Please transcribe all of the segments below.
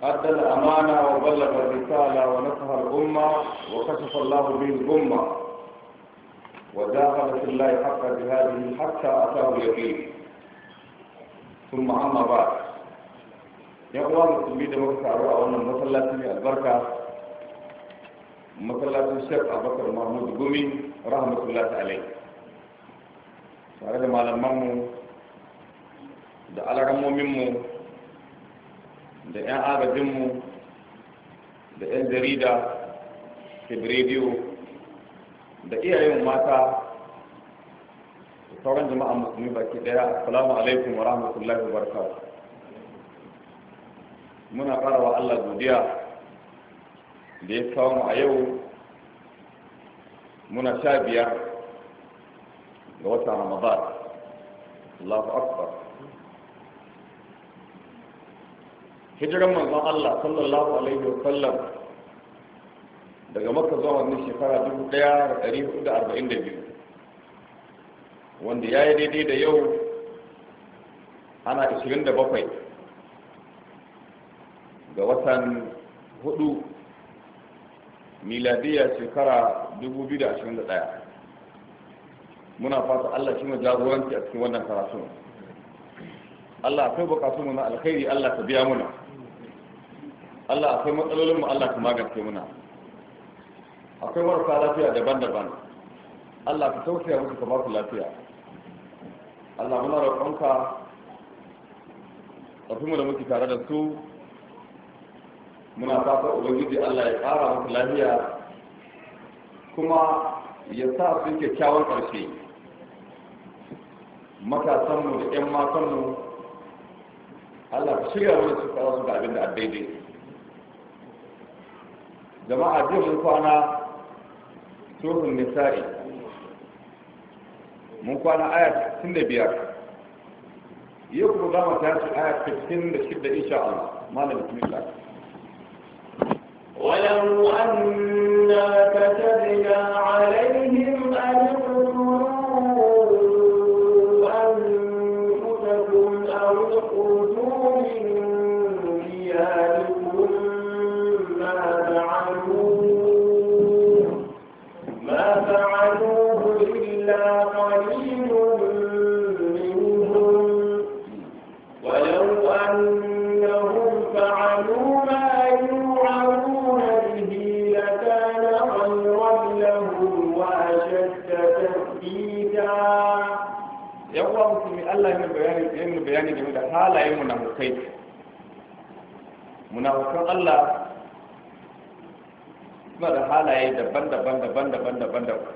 أدى الأمانة وبلغ الرسالة ونصح الأمة وكشف الله به الأمة وداخل في الله حق جهاده حتى أتاه اليقين ثم أما بعد يقوى مسلمين دمك تعروا أولا مسلاتي البركة مسلاتي الشيخ أبو بكر محمود قومي رحمة الله عليه tare da malamanmu da alarammominmu da 'yan agajinmu da 'yan jarida rediyo da iyayen mata da sauran jama'a musulmi baki daya assalamu alaikum wa rahmatullahi wa barakatuh muna karawa Allah godiya da ya kawo mu a yau muna sha biyar ga watan ramadan Allahu akbar hijiran manzon Allah sallallahu alaihi wa sallam daga makka zuwa wannan shekara 1442 wanda ya yi daidai da yau ana 27 ga watan 4 miladiyar shekara 2021 muna fata Allah shi jagoranci a cikin wannan karatu Allah kai bukatu mu na alkhairi Allah ka biya muna Allah akwai matsalolin mu Allah ka magance muna akwai marasa lafiya daban-daban Allah ka tausaya musu ka ba su lafiya Allah muna roƙonka mu da muke tare da su muna fata ubangiji Allah ya ƙara musu lafiya kuma ya sa su kyakkyawan ƙarshe matasanmu da 'yan matanmu Allah ka shirya wani su kawo su da abin da daidai jama'a jiya mun kwana tsohon nisa'i mun kwana aya 65 yau kuma za mu tashi aya 56 insha Allah malam bismillah ولو أنا كتبنا halayen munafukai munafukan Allah suna da halaye daban-daban daban-daban daban-daban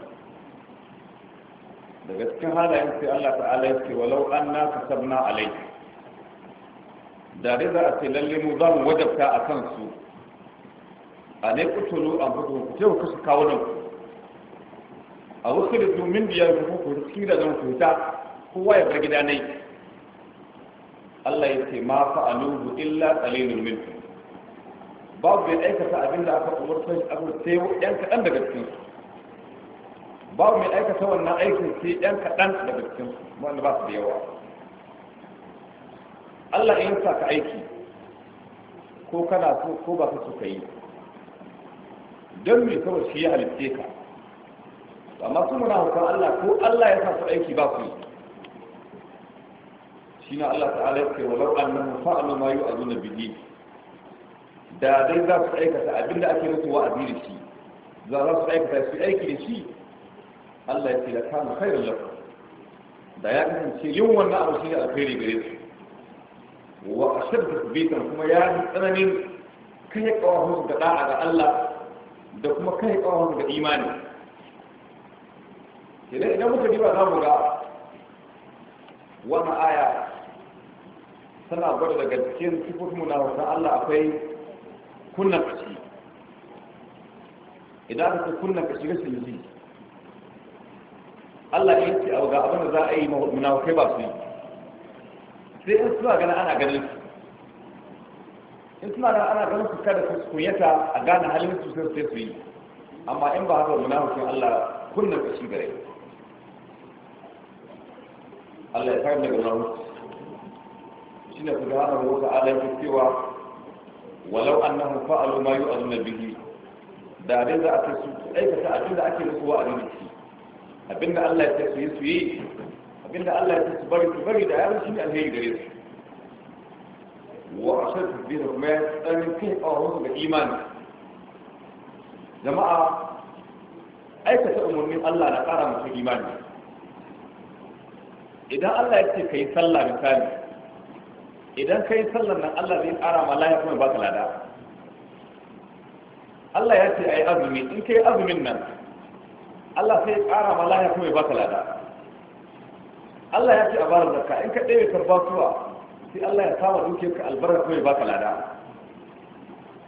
daga cikin halayen sai Allah ta'ala ya ce walau an na kasabna alai Dare za a ce lalle mu za mu wajabta a kansu a ne kutulu a gudu ku ce ku kawo nan ku a wasu da domin biyar ku ku ki da zan ku ta kowa ya bar gida ne Allah ya ce ma fa'aluhu illa qalilun min babu mai aikata abin da aka umarta shi aka sai yan kaɗan daga cikin babu mai aikata wannan aikin sai yan kaɗan daga cikin wanda ba su da yawa Allah ya sa ka aiki ko kana so ko ba ka so ka yi don me kawai shi ya halitte ka amma su muna hukar Allah ko Allah ya sa su aiki ba su yi shi na Allah ta'ala ya ce walau annahu fa'alu ma yu'azuna bihi da dai za su aikata abinda ake musu wa'azi da shi za za su aikata su aiki da shi Allah ya ce da kana khairul lakum da ya kasance yin wannan abu shi ne alkhairi gare su wa ashadda tabitan kuma ya yi tsananin kai kawahun ga da'a ga Allah da kuma kai kawahun ga imani idan idan muka diba za mu ga wannan aya tana gwada daga cikin sifofin munafikan Allah akwai kunna kashi idan aka kunna kashi rashin ji Allah ya ce ga abin da za a yi munafikai ba su yi sai in suna ganin ana ganin su in suna ganin ana ganin su kada su kunyata a gane halin su sai su yi amma in ba haka munafikin Allah kunna kashi gare Allah ya fara daga munafikai shine subhanahu wa ta'ala yake cewa walau annahum fa'alu ma yu'azuna bihi da dai za a ce su aikata abinda ake musu wa arziki abinda Allah ya ce su yi su yi abinda Allah ya ce su bari su bari da yaron shine alheri gare su wa ashadu bi kuma ya tsarin kai a wasu ga imani jama'a aikata umarnin Allah na ƙara musu imani idan Allah ya ce ka yi sallah misali idan ka yi sallar nan Allah zai ƙara ma lafiya kuma baka lada Allah ya ce a yi azumi in ka yi azumin nan Allah sai ya ƙara ma lafiya kuma baka lada Allah ya ce a bara zakka in ka ɗaya tarbatuwa sai Allah ya sama ka albarka kuma baka lada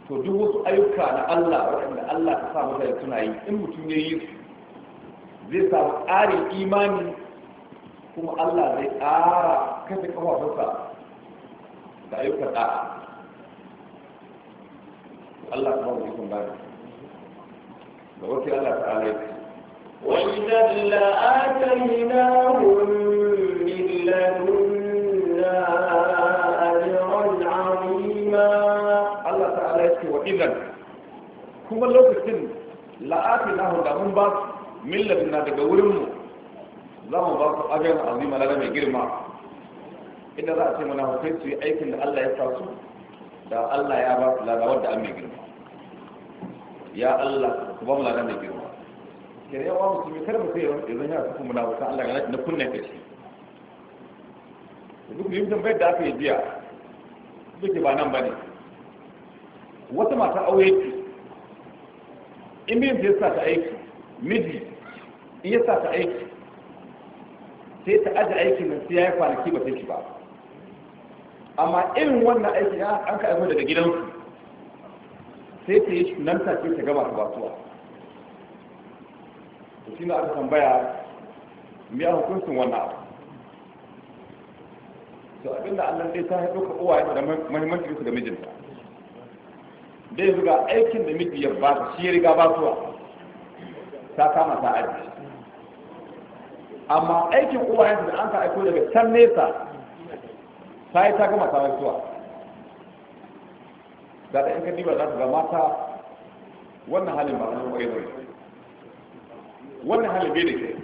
to duk wasu ayyuka na Allah waɗanda Allah ta sa mutane suna yi in mutum ya yi zai samu ƙarin imani kuma Allah zai ƙara kafe kafafunsa da ayyukan da'a Allah kuma wani kun bani da wasu Allah ta ala yake وإذا لآتيناهم من لدنا أجرا عظيما الله تعالى يقول وإذا كما لو كنت لآتيناهم لهم بعض من لدنا دقورهم za mu ba su ajiyar azima na mai girma inda za a ce mana hukai su yi aikin da Allah ya sa su da Allah ya ba su lada da an mai girma ya Allah ku ba mu lada mai girma ke yawa musulmi kar mu sai yanzu ya su kuma na wata Allah ga na kunna ka shi duk yin tambayar da aka yi biya duk ba nan ba ne wata mata aure ce in biyan ta sa ta aiki miji in ya sa ta aiki sai ta aji aikin nan sai ya yi kwanaki ba ta ba amma irin wannan aiki an ka aiko daga gidansu sai ta yi nan ta ce ta gama batuwa to shi aka tambaya me ya hukuncin wannan abu to abinda Allah dai ta haɗu ka uwaye da muhimmanci su da mijinta dai zuga aikin da miji ya ba shi ya riga batuwa ta kama ta aiki amma aikin uwaye da an ka aiko daga can nesa ta yi ta gama ta rantuwa da ta in ka diba za ta ga ta wannan halin ba wani kwaye zai wannan halin bai da ke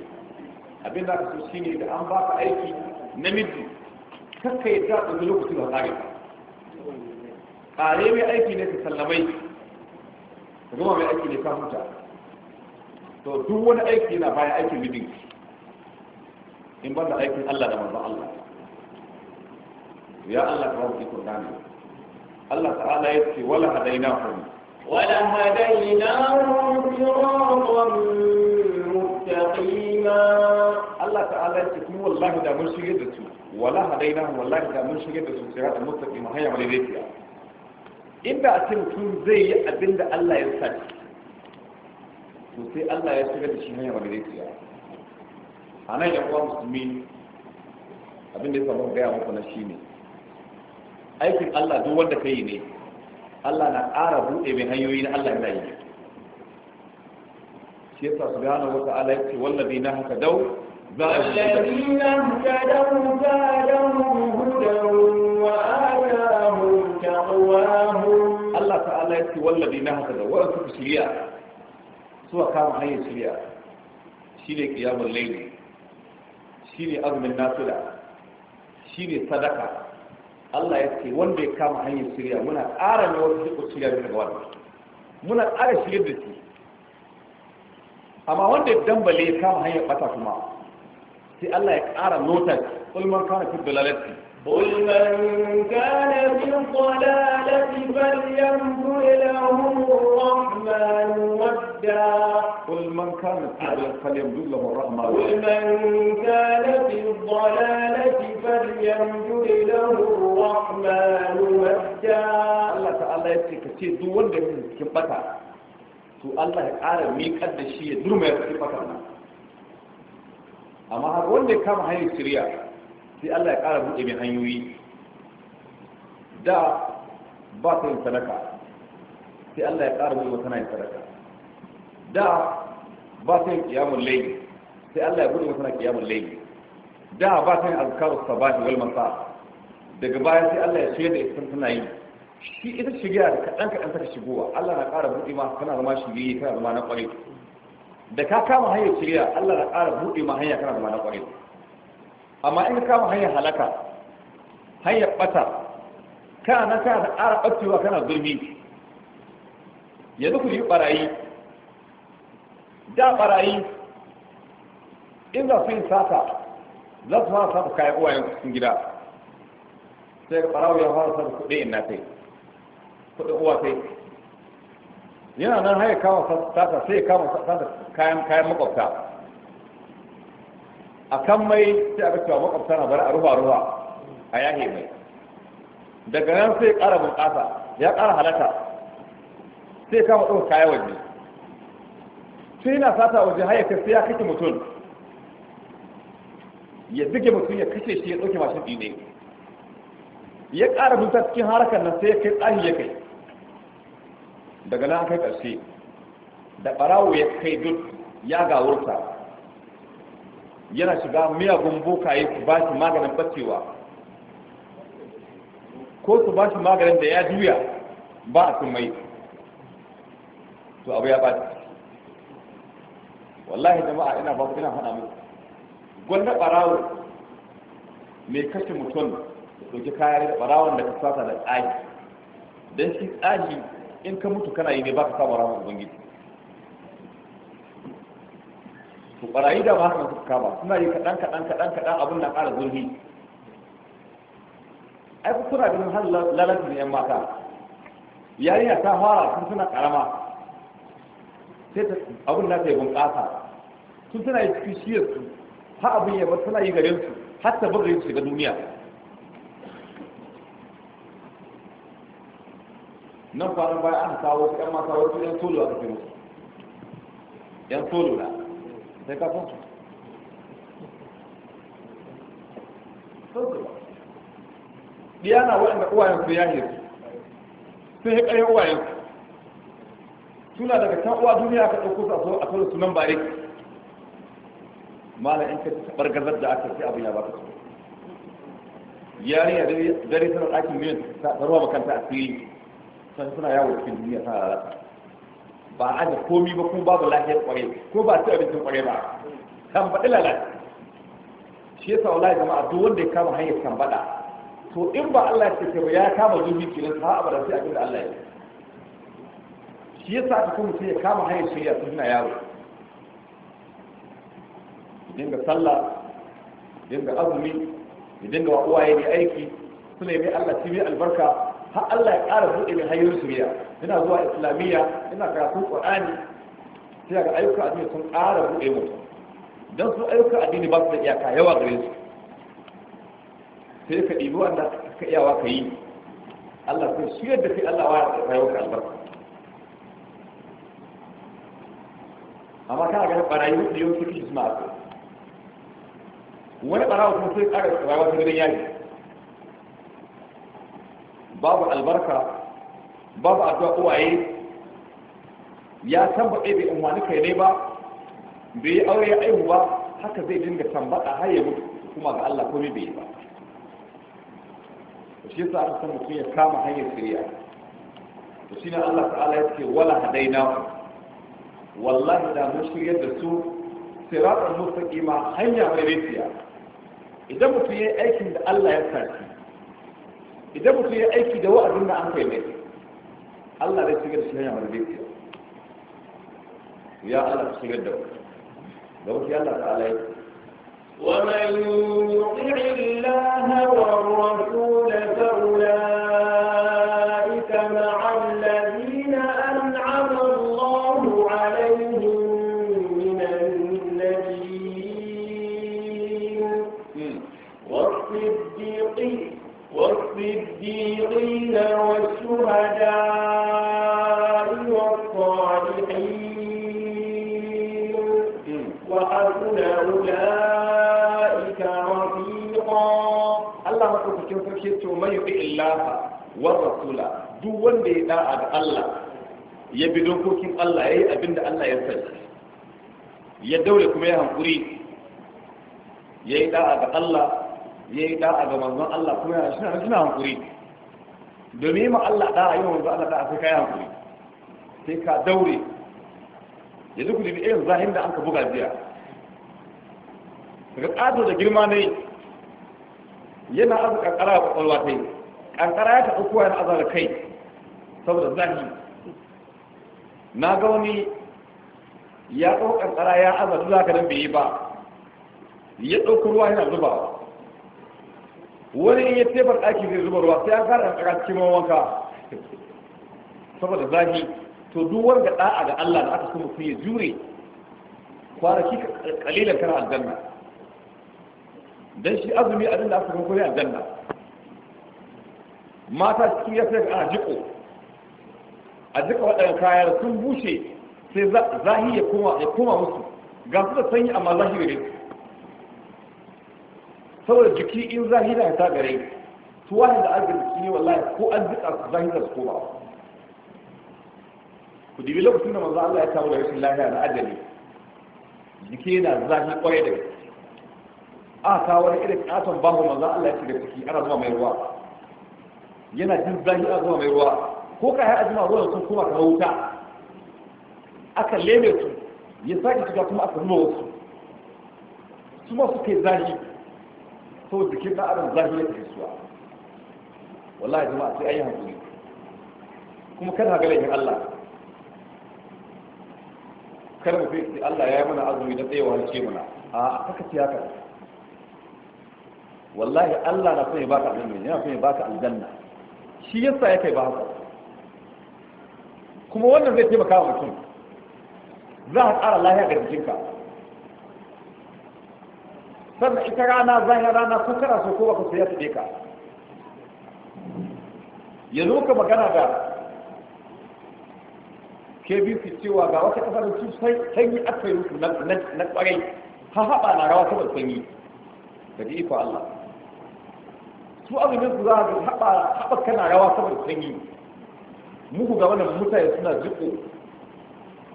abin da ka so ne da an ba ka aiki namiji kakka yi ta ɗauki lokacin da tsari ƙare mai aiki ne ka sallamai ka gama mai aiki ne ka huta to duk wani aiki yana bayan aikin mijinki in ban da aikin Allah da manzon Allah يا الله كرامتي كرداني الله تعالى يبكي ولا هديناهم ولا هديناهم صراطا مستقيما الله تعالى يبكي والله دا من شيء ولا هديناهم والله دا من شيء صراطا مستقيما هيا ولي ذيك inda a ce mutum zai yi abin da Allah ya sa to sai Allah ya shiga da shi hanyar wanda zai tsaya a nan yan aikin Allah duk wanda yi ne Allah na ƙara buɗe mai hanyoyi na Allah yana yi shi yasa subhanahu wa ta'ala yace wallazi na haka dau الذين اهتدوا زادهم هدى وآتاهم تقواهم الله تعالى يقول والذين اهتدوا kama hanyar shirya. Shi ne شريعة شيني Shi ne azumin أزم Shi ne sadaka Allah ya ce wanda ya kama hanyar shirya muna ƙara ne wasu jiko shirya bisa ga wani muna ƙara shirya da shi amma wanda ya dambale ya kama hanyar bata kuma sai Allah ya ƙara nota shi ulman kana fi dalalati قل من كان في الضلالة فلينظر له الرحمن ودا قل من كان في الضلالة فليمدد له الرحمن قل من كان في الضلالة فليمدد له الرحمن ودا الله تعالى يبكي كثير دول من كبتا تو الله ya ƙara miƙar da shi ما durma ya أما fatar nan amma har wanda sai Allah ya ƙara buɗe mai hanyoyi da ba ta yin sadaka sai Allah ya ƙara buɗe tana yin sadaka da ba ta yin ƙiyamun laifi. sai Allah ya buɗe tana ƙiyamun laifi. da ba ta yin azkaru sabahi wal masa daga baya sai Allah ya ce da isan tana yi shi ita shirya da kaɗan kaɗan ta shigowa Allah na ƙara buɗe ma kana zama shigi kana zama na ƙwarai da ka kama hanyar shirya Allah na ƙara buɗe ma hanya kana zama na ƙwarai amma in ka kama hanyar halaka hanyar bata kana na kana ƙara ɓacewa kana zulmi yanzu ku yi ɓarayi da ɓarayi in za su yi sata za su fara sata kayan uwayen cikin gida sai ga ɓarawo ya fara sata kuɗi in na kai kuɗin uwa kai yana nan haya kama sata sai ya kama sata kayan kayan makwabta a kan mai sai aka cewa makwabta na bari a ruwa ruwa a yahe mai daga nan sai ƙara bunƙasa ya ƙara halata sai kama ɗauka kaya waje sai yana sata waje haya kai sai ya kake mutum ya zige mutum ya kashe shi ya ɗauke mashin ɗine ya ƙara bunta cikin harkar nan sai ya kai tsahi ya kai daga nan kai ƙarshe da ɓarawo ya kai duk ya wurta yana shiga miyagun bokaye su ba shi maganin bacewa ko su ba shi maganin da ya juya ba a sun mai to abu ya bata, wallahi jama'a ina ba ina hana muku gwanda ɓarawo mai kashe mutum da ɗauki kaya da ɓarawon da ka sata da tsagi don shi tsagi in ka mutu kana yi ne ba ka samu ramar ubangiji to barayi da ba haka suka ba suna yi kaɗan kaɗan kaɗan kaɗan abin na ƙara zurfi ai ku kuna ganin har lalata da yan mata yarinya ta fara sun suna ƙarama sai ta abin na ta yi bunƙasa sun suna yi cikin shiyar su har abin yamma suna yi garin su har ta bugarin su shiga duniya nan kwanan bayan an kawo su yan mata wasu yan solo a fi musu yan solo na sai ka san diya na waɗanda uwayen su ya hiru sun yi ƙarin uwayen su suna daga can uwa duniya ka ɗauko su a sau a sau da sunan bare malam in ka taɓar gazar da aka sai abin ya baka su a dare tana ɗakin miliyan ta ruwa makanta a fili suna yawo cikin duniya ta lalata ba a da komi ba kuma babu lahiyar kware ko ba su abincin kware ba kan faɗi lalata shi yasa wallahi jama'a duk wanda ya kama hanyar kan faɗa to in ba Allah ya ce ba ya kama zubi kenan sa abada sai abin da Allah ya yi shi yasa aka kuma mutum ya kama hanyar shirya su suna yaro dinga sallah dinga azumi dinga wa uwaye ne aiki su ne mai Allah shi mai albarka har Allah ya ƙara buɗe min hanyoyin suriya ina zuwa islamiyya ina karatun qur'ani sai ga ayyuka addini sun ƙara buɗe mu dan su ayyuka addini ba su da iyaka yawa gare su sai ka ɗibi wanda ka iyawa ka yi Allah sai su yadda sai Allah wa rayuwar ka albarka amma kana ganin barayi hudu yau suke isma'a wani barawa kuma sai ƙara rayuwar ta gidan yaji babu albarka babu addu'a uwaye ya tambaye bai in kai ne ba bai yi aure ya aihu ba haka zai dinga tambata har ya mutu kuma ga Allah komai bai yi ba to shi yasa aka san mutum ya kama hanyar shari'a to shine Allah ta'ala ya ce wala hadaina wallahi da mun shiryar da su siratul mustaqima hanya mai rafiya idan mutum ya aikin da Allah ya sa idan mutum ya aiki da wa'azin da an kai ne Allah zai shigar shi hanya marbiya ya Allah ka shigar da ku da wuce Allah ta ala yake ومن يطع الله والرسول فأولئك khafa wa rasula duk wanda ya da'a da Allah ya bi dokokin Allah ya yi abinda Allah ya sani ya daure kuma ya hankuri yi da'a da Allah ya yi da'a ga manzon Allah kuma ya shi na hankuri domin ma Allah da'a yi manzon Allah da'a sai ka yi hankuri sai ka daure yanzu ku dubi irin zahin da an ka buga jiya daga ƙato da girma ne yana abu ƙarƙara a ƙwaƙwalwa ta yi Ƙanƙara ya taɓa kowa na azara kai saboda zahi na ga wani ya ɗau ƙanƙara ya azara za ka nan bai yi ba ya ɗauki ruwa yana zuba. wani in ya tefar ɗaki zai zuba ruwa sai an kara ƙanƙara cikin wanka saboda zahi to duk wanda ɗa'a ga Allah da aka so mutum ya jure kwanaki kalilan kana aljanna dan shi azumi abin da aka kuma aljanna mata cikin ya sai a jiko a jiko waɗanda kayan sun bushe sai zahi ya koma ya koma musu ga su da sanyi amma zahi ne saboda jiki in zahi da ta gare su wani da jiki ne wallahi ko an jika su zahi da su koma ku dibi lokacin da manzo Allah ya kawo da rashin lafiya da ajali jiki yana zahi kwarai da a kawo wani irin katon babu manzo Allah ya shiga ciki ana zuwa mai ruwa yana jin zahi a zuma mai ruwa ko ka yi azuma ruwan sun kuma kamar wuta aka leme su ya sake shiga kuma aka zuba wasu su ma suka yi zahi saboda jikin ɗan adam zahi ya kai suwa wallahi jama'a sai an yi hankali kuma kada ga laifin Allah kada mu fi Allah ya yi mana azumi da tsayewa ce mana a haka ce haka wallahi Allah na son ya baka aljanna yana son ya baka aljanna shi yasa ya kai ba haka kuma wannan zai taimaka wa mutum za a ƙara lahiya ga jikinka sannan ita rana a rana ko kana so ko baka saya ta ka yanzu ka magana da kbc cewa ga wata kasa su sai yi na kwarai ha haɓa na rawa saboda sanyi da ji iko allah su azumin su za a ga haɓa kana rawa saboda sanyi muku ga wannan mutane suna jiko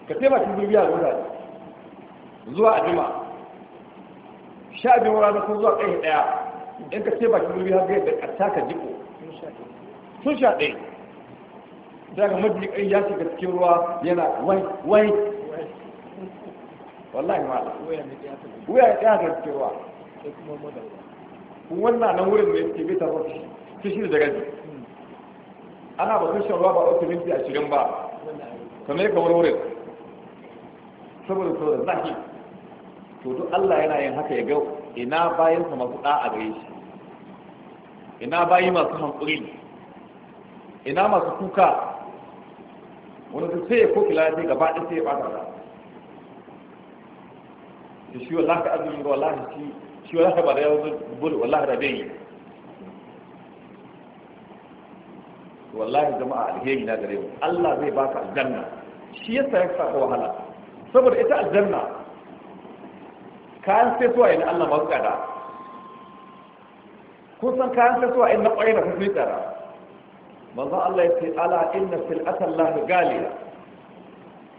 ka taimaka bibiya da mutane zuwa a jima sha biyu ranar kun zuwa ɗaya ɗaya in ka taimaka bibiya zai da ƙasa ka jiko sun sha ɗaya daga majiƙai ya shiga cikin ruwa yana wai wai wallahi ma'ala wuya ya ɗaya ga cikin ruwa wannan nan wurin mai ke bai tarfa shi shi shi da gaji ana ba shan ruwa ba a minti ashirin ba kamar ya kamar wurin saboda saboda zaki to duk Allah yana yin haka ya ga ina bayansa masu da'a gare shi ina bayi masu hankuri ina masu kuka wani su sai ya ko kila ne gaba ɗaya sai ya ɓata da shi wallahi ka azumin ga wallahi shi shi wani haka ba da yawon bulu wallahi da bai yi wallahi jama'a alheri na gare mu Allah zai baka aljanna shi yasa ya saka wahala saboda ita aljanna kayan sai suwa yana Allah masu tsada kun san kayan sai suwa yana kwarai da kuma tsada manzon Allah ya ce ala inna fil atallah galiya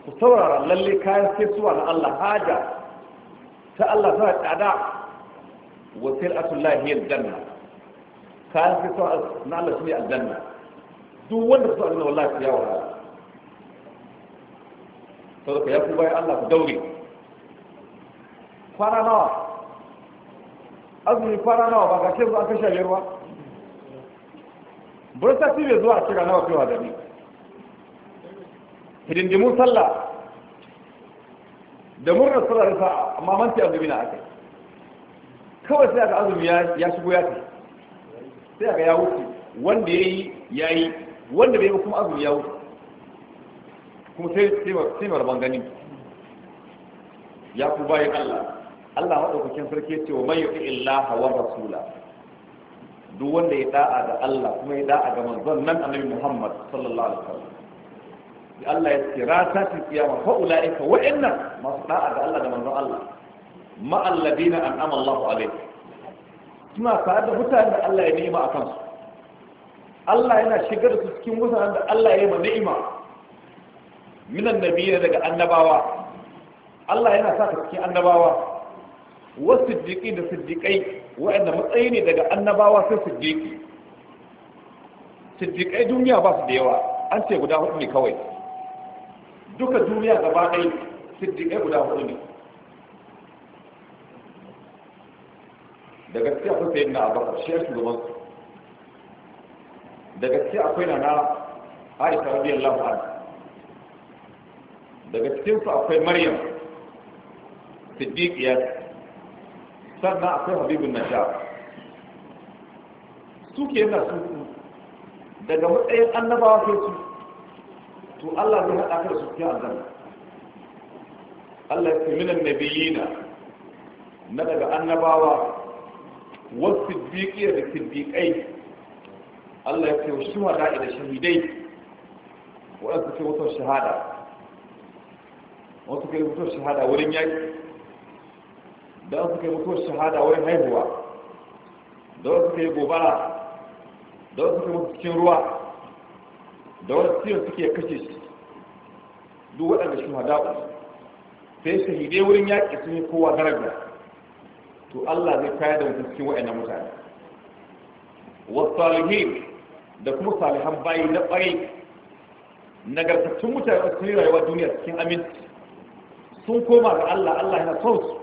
ku saurara lalle kayan sai suwa na Allah haja ta Allah za ta tsada وسير أصل الله هي الجنة كان في سؤال نال اسمي الجنة دو وين سؤال إنه والله في يوم هذا فلو كي يكتب يا الله دوري فرنا أزمي فرنا بعد كذا أنت شايل وا برسا تيجي زوا أشجع نوا في هذا بي هدين دمو صلى دمو رسول ما منتي أبدي بينا أكيد kawai sai aka azumi ya shigo ya tafi sai aka ya wuce wanda ya yi ya yi wanda bai kuma azumi ya wuce kuma sai marban gani ya ku bayan Allah Allah maɗaukakin sarki ya ce wa mai yi illaha wa rasula duk wanda ya da'a da Allah kuma ya da'a ga manzon nan annabi Muhammad sallallahu alaihi wasallam Allah ya ce rata ta kiyama fa ulaika wa'annan masu da'a da Allah da manzon Allah an an'ama Allahu alaihi suna tare da mutanen da Allah ya ni'ima a kansu Allah yana shigar su cikin mutanen da Allah ya yi ma ni'ima minan nabiyina daga annabawa Allah yana sa ka cikin annabawa wasu siddiƙi da siddiƙai waɗanda matsayi ne daga annabawa sai siddiƙi siddiƙai duniya ba su da yawa an ce guda hudu ne kawai duka duniya gaba ɗaya siddiƙai guda hudu ne da gaskiya akwai sayin na abakar shi ya shugaban su da gaskiya akwai na na aisha radiyallahu anha daga cikinsu akwai maryam siddiqiyar sannan akwai habibun nasha su ke yana su daga matsayin annabawa sai su to Allah zai haɗa kar su fi azan Allah ya minan nabiyina na daga annabawa wasu biƙiyar da biƙai, Allah ya ce wa wada da shahidai waɗansu ce wutar shahada wasu kai wutar shahada wurin yaki. da wasu kai wutar shahada wurin haihuwa da wasu kai gobara da wasu kai wutar cikin ruwa da wasu cikin suke kashe shi duk waɗanda wada sai shahidai wurin yaki sun yi kowa daraja to Allah zai tayar da mutum cikin wa'annan mutane wasalihin da kuma salihan bayi na ƙwarai nagartattun mutane da cikin rayuwa duniya cikin aminci sun koma ga Allah Allah yana son su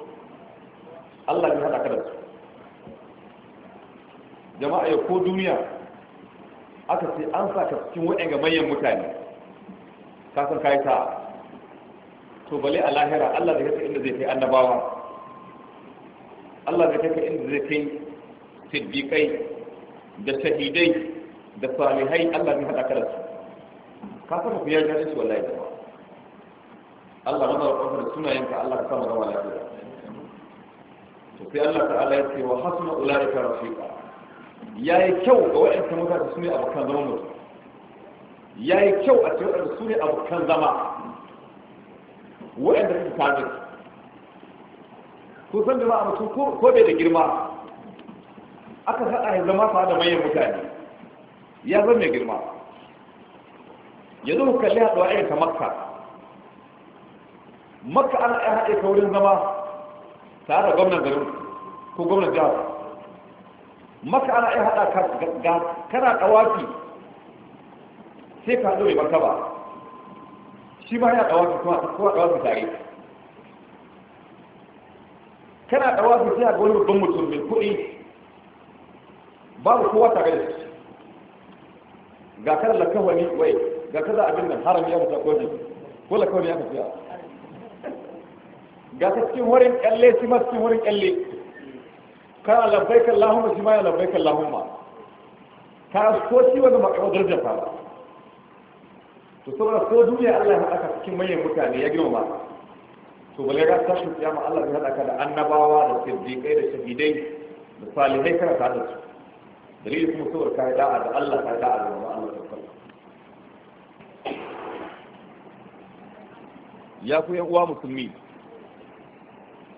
Allah ya hada ka da su jama'a ya ko duniya aka ce an sa ka cikin wa'anga manyan mutane ka san kai ta to bale a lahira Allah da yasa inda zai kai annabawa Allah zai kai inda zai kai siddiƙai da shahidai da salihai Allah zai haɗa kada su ka saka ku ya ji su wallahi jama'a Allah mana roƙon da sunayenka Allah ka samu zama lafiya to sai Allah ta'ala ya ce wa hasuna ulaika rafiqa yayi kyau ga waɗanda mutane su ne abokan zaman mutum yayi kyau a cikin waɗanda su ne abokan zama waɗanda suka tare ko san jama'a mutu, ko bai da girma aka haɗa ya zama fa da manyan mutane ya zama mai girma yanzu ku kalli haɗuwa irin ta makka makka ana ya haɗe ka wurin zama tare da gwamnan garin ko gwamnan jihar makka ana ya haɗa ka ga kana ɗawafi sai ka haɗu mai martaba shi ma ya ɗawafi kuma ɗawafi tare kana da su sai ga wani babban mutum mai kuɗi babu kowa tare da shi ga kada lakawani wai ga kada abin nan haram ya fita koji ko lakawani ya fita ga ta cikin wurin kyalle shi ma cikin wurin kyalle kana kan Allahumma shi ma ya kan Allahumma ka so shi wani makamar kawo darajar to saboda so duniya Allah ya haɗa cikin manyan mutane ya girma ba to balle ga tashin ma Allah ya hada ka da annabawa da siddiqai da shahidai da salihai kana ka da su dalilin kuma saboda kai da'a da Allah ka da'a da manzo Allah sallallahu ya ku yan uwa musulmi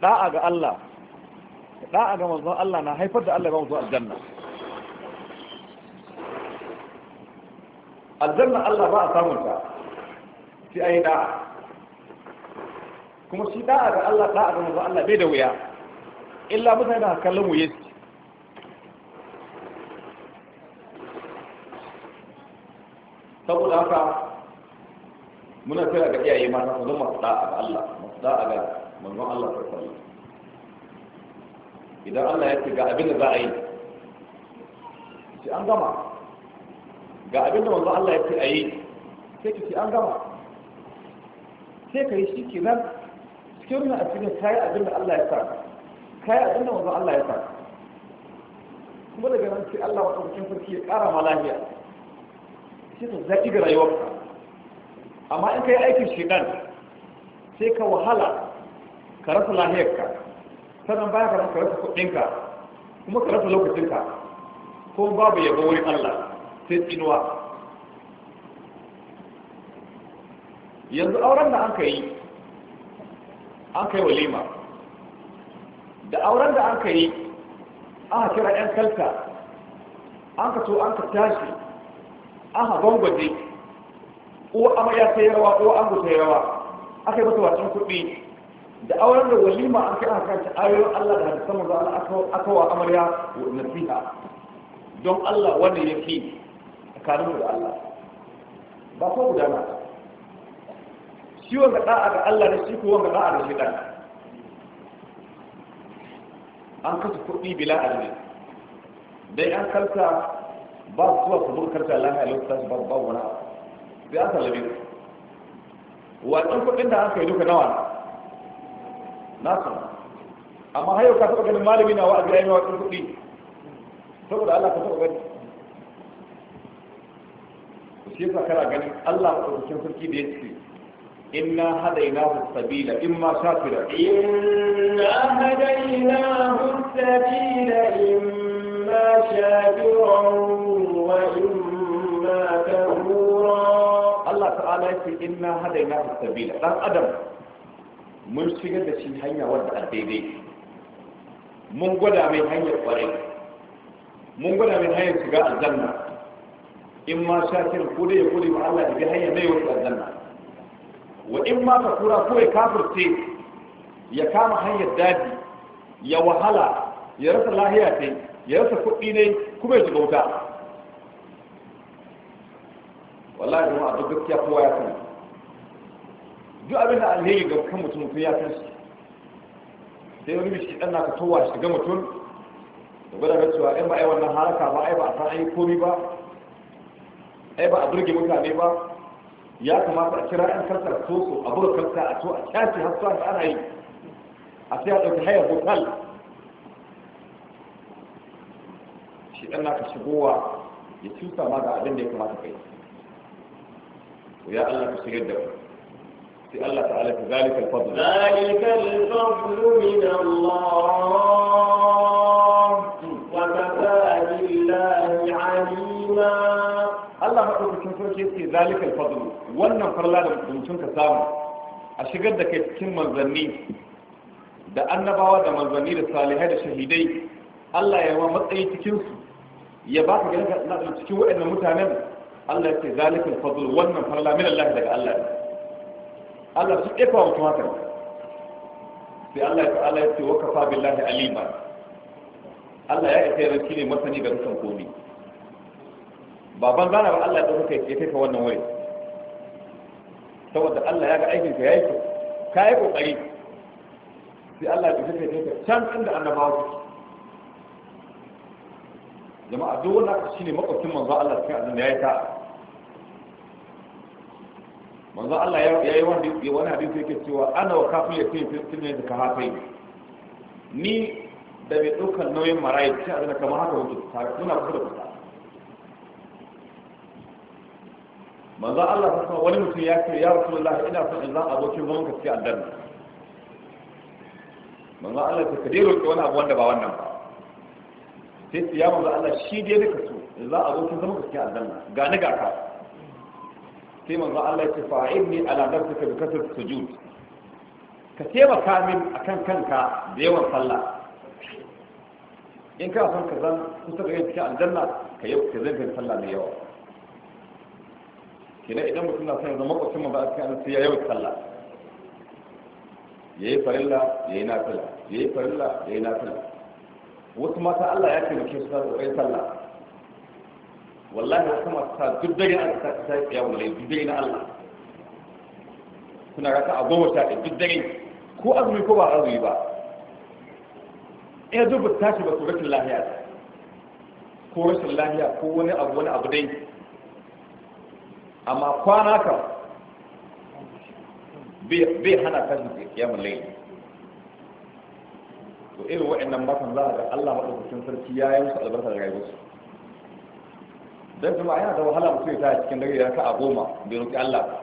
da'a ga Allah da'a ga manzon Allah na haifar da Allah ba mu zuwa aljanna aljanna Allah ba a samunta sai ai da'a kuma shi da ga Allah da'a ga manzo Allah bai da wuya illa mutane da kallon wuye saboda haka muna kira ga iyaye ma su zama da ga Allah da ga manzo Allah sallallahu idan Allah ya ce ga abin da za a yi sai an gama ga abin da manzo Allah ya ce a yi sai ki ce an gama sai kai shi kenan kirna a cikin kayan abin da Allah ya sa kayan abin da wanzu Allah ya sa kuma daga nan sai Allah wa ɗaukacin sarki ya ƙara ma lahiya sai ka zaƙi ga rayuwarka amma in ka yi aikin shedan sai ka wahala ka rasa lahiyarka sannan baya ka rasa kuɗinka kuma ka rasa lokacinka ko babu yabo wurin Allah sai tsinuwa yanzu auren da an ka yi an kai walima da auren da an yi aka kira 'yan kalta an ka to an ka tashi aka gwangwaje ko amarya ta yi rawa ko an gusa rawa aka yi masa wasan kuɗi da auren da walima an kai aka ta ayoyin allah da hadisan manzo allah aka wa amarya nasiha don allah wanda yake tsakaninmu da allah ba ko gudana ba shi wanga da'a ga Allah ne shi ko wanga da'a ga shaitan an kasa kuɗi bila adadin dai an kalta ba su zuwa su buga karta ya lokacin ba ba wani sai an sallame su wannan kuɗin da an kai duka nawa na su amma hayo yau ka taɓa ganin malami na wa'azi ya yi wa kuɗi saboda Allah ka taɓa gani shi yasa kana ganin Allah a ɗaukakin sarki da ya ce إنا هديناه السبيل إما شاكرا إنا هديناه السبيل إما شاكرا وإما كفورا الله تعالى يقول إنا هديناه السبيل لا أدم من شغل دشين هيا ورد من قدع من هيا قريب من قدع من هيا شغال إما شاكرا قولي قولي مع الله بهيا ما يورد wa in ma ka tura ko ya kafirce ya kama hanyar daji ya wahala ya rasa lahiya ce ya rasa kuɗi ne kuma ya shiga wuta wallahi kuma a duk gaskiya kowa ya sani duk abin da alheri ga kan mutum kun ya san shi sai wani mishi dan naka towa shi ga mutum da gwada ga cewa ai ba ai wannan haraka ba ai ba a san ai komi ba ai ba a burge mutane ba ya kamata a kira yan karta a toso a buga karta a to a kyace har sa ana yi a sai a ɗauki hayar hotel shi ɗan naka shigowa ya cuta ma ga abin da ya kamata kai to ya Allah ka shigar da ku sai Allah ta'ala ta zalika al-fadl zalika al-fadl min Allah wa kafa billahi alima Allah madaukakin sarki yake zalikal fadl wannan farla da mutum ka samu a shigar da kai cikin manzanni da annabawa da manzanni da salihai da shahidai Allah ya yi matsayi cikin su ya ba ka ganin na cikin waɗannan mutanen Allah ya ce zalikal fadl wannan farla min Allah daga Allah Allah su ɗefa mutum haka sai Allah ya Allah ya ce wa kafa billahi alima Allah ya isa yarki ne masani ga dukkan komai ba bana gana ba Allah da dauka ya kai ka wannan wuri saboda Allah ya ga aikin ka yayi ka yi kokari sai Allah ya dauka ka can inda annabawa suke jama'a duk wanda ka shine makokin manzo Allah cikin azumi yayi ta manzo Allah ya yi wani wani hadisi yake cewa ana wa kafin ya kai fitin ne da hafai ni da bi ɗaukar nauyin marayi cikin azumi kamar haka wuce muna kuna kudu manzo Allah ta kuma wani mutum ya ce ya rasulullahi ina son in zan abokin zaman ka cikin aljanna manzo Allah ta ka dero wani abu wanda ba wannan ba sai ya manzo Allah shi dai nika so in zan abokin zaman ka cikin aljanna ga ni ga ka sai manzo Allah ya ce fa'inni ala nafsika bi kasr sujud ka taimaka min akan kanka da yawan sallah in ka son ka zan kusa ga cikin aljanna ka yi ka zan kai sallah da yawa kina idan mutum na son ya zama makwacin manzo Allah sallallahu alaihi ya yawaita sallah yayi farilla yayi nafila yayi farilla yayi nafila wasu mata Allah ya taimake su da tsoron sallah wallahi wasu mata duk dare an ta ta ya wala duk dare na Allah suna raka a goma sha duk dare ko azumi ko ba azumi ba in duk ba tashi ba su rashin lahiya ko rashin lahiya ko wani abu wani abu dai amma kwana ka bai hana kan da kiyamun to irin waɗannan makon za a ga Allah maɗaukakin sarki ya yi musu albarka da rayuwarsu don jama'a yana da wahala mutum ya cikin dare ya ka a goma bai roƙi Allah ba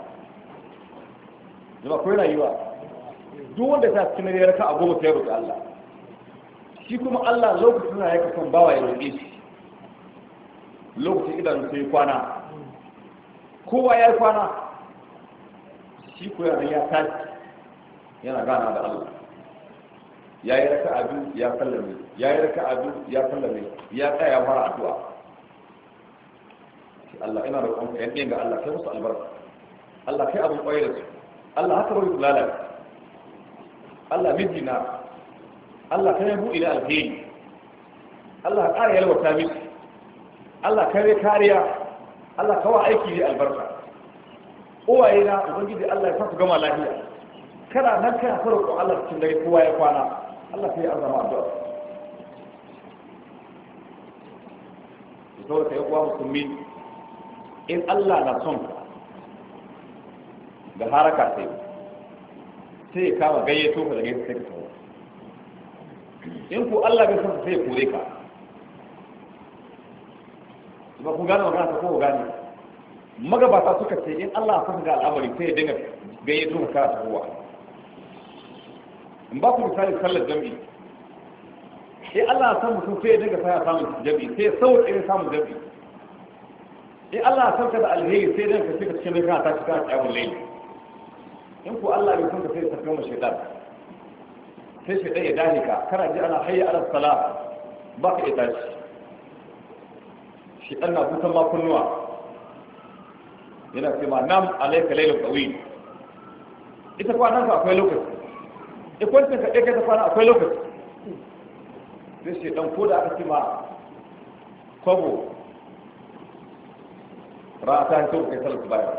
jama'a ko yana yi wa duk wanda ya cikin dare ya ka a goma sai ya roƙi Allah shi kuma Allah lokacin da ya kafin bawa ya roƙe shi lokacin idan sai kwana kowa ya kwana shi ko yaran ya tashi yana gana da Allah ya yi raka abin ya sallame ya yi raka abin ya sallame ya tsaya mara addu'a shi Allah ina da kuma yan ɗin ga Allah kai musu albarka Allah kai abin ƙwaye da su Allah haka bai lalata Allah miji na Allah kai ya buɗe da alheri Allah ƙara yalwata miki Allah kai kariya Allah kawai aiki ne albarka uwaye na ubangiji Allah ya sa gama lafiya kana nan kana fara ko Allah cikin dare kowa ya kwana Allah sai ya azama addu'a to sai kuwa musulmi in Allah na son da haraka sai sai ya kama gayyato ka daga sai ka in ku Allah bai san sai ya kore ka ba ku gane magana ta ko gane magabata suka ce in Allah ka ga al'amari sai ya dinga gayyato ka ta kowa in ba ku misali sallar jami'i sai Allah ya san mutum sai ya dinga sa samun jami'i sai ya sauke ya samun jami'i in Allah ya san ka da alheri sai dinga ka cikin da kana tashi kana kiyamul layl in ku Allah ya san ka sai ya tafi mu shaytan sai shaytan ya dane ka kana ji ana hayya ala salat ba ka ita shi Shiɗan na kusan ma yana ce ma nam alaika lailun qawil ita kwanan ka akwai lokaci e kwanci ka ɗaya ta kwana akwai lokaci sai shi ɗan ko da aka ce ma kwabo ra'a ta hito kai salat baya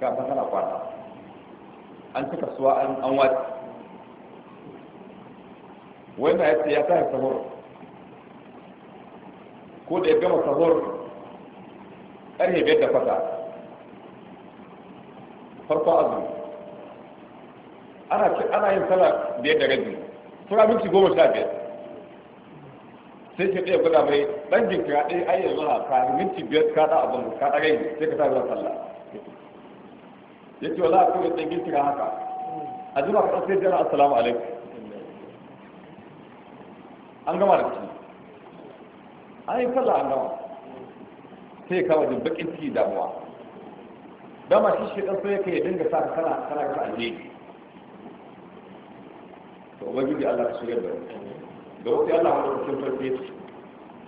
ka san kana kwana an cika suwa an wati wannan ya ce ya tashi sahur ko da ya gama sahur ƙarfe biyar da fata farko azumi ana yin sala biyar da rabi sura minti goma sha biyar sai ka ɗaya gwada mai ɗan jinkira ɗaya ai yanzu ka minti biyar ka ɗa abin ka ɗa rai sai ka sa zuwa sallah ya ce wala ko ɗan jinkira haka a jima ka ɗan sai jana assalamu alaikum an gama da ciki an yi sallah an gama sai kawo jin bakin ciki damuwa dama shi shi ɗan sai ka yi dinga sa ka kana kana ka aje to ubangiji Allah ka shirya da ga wani Allah wanda kuke farke su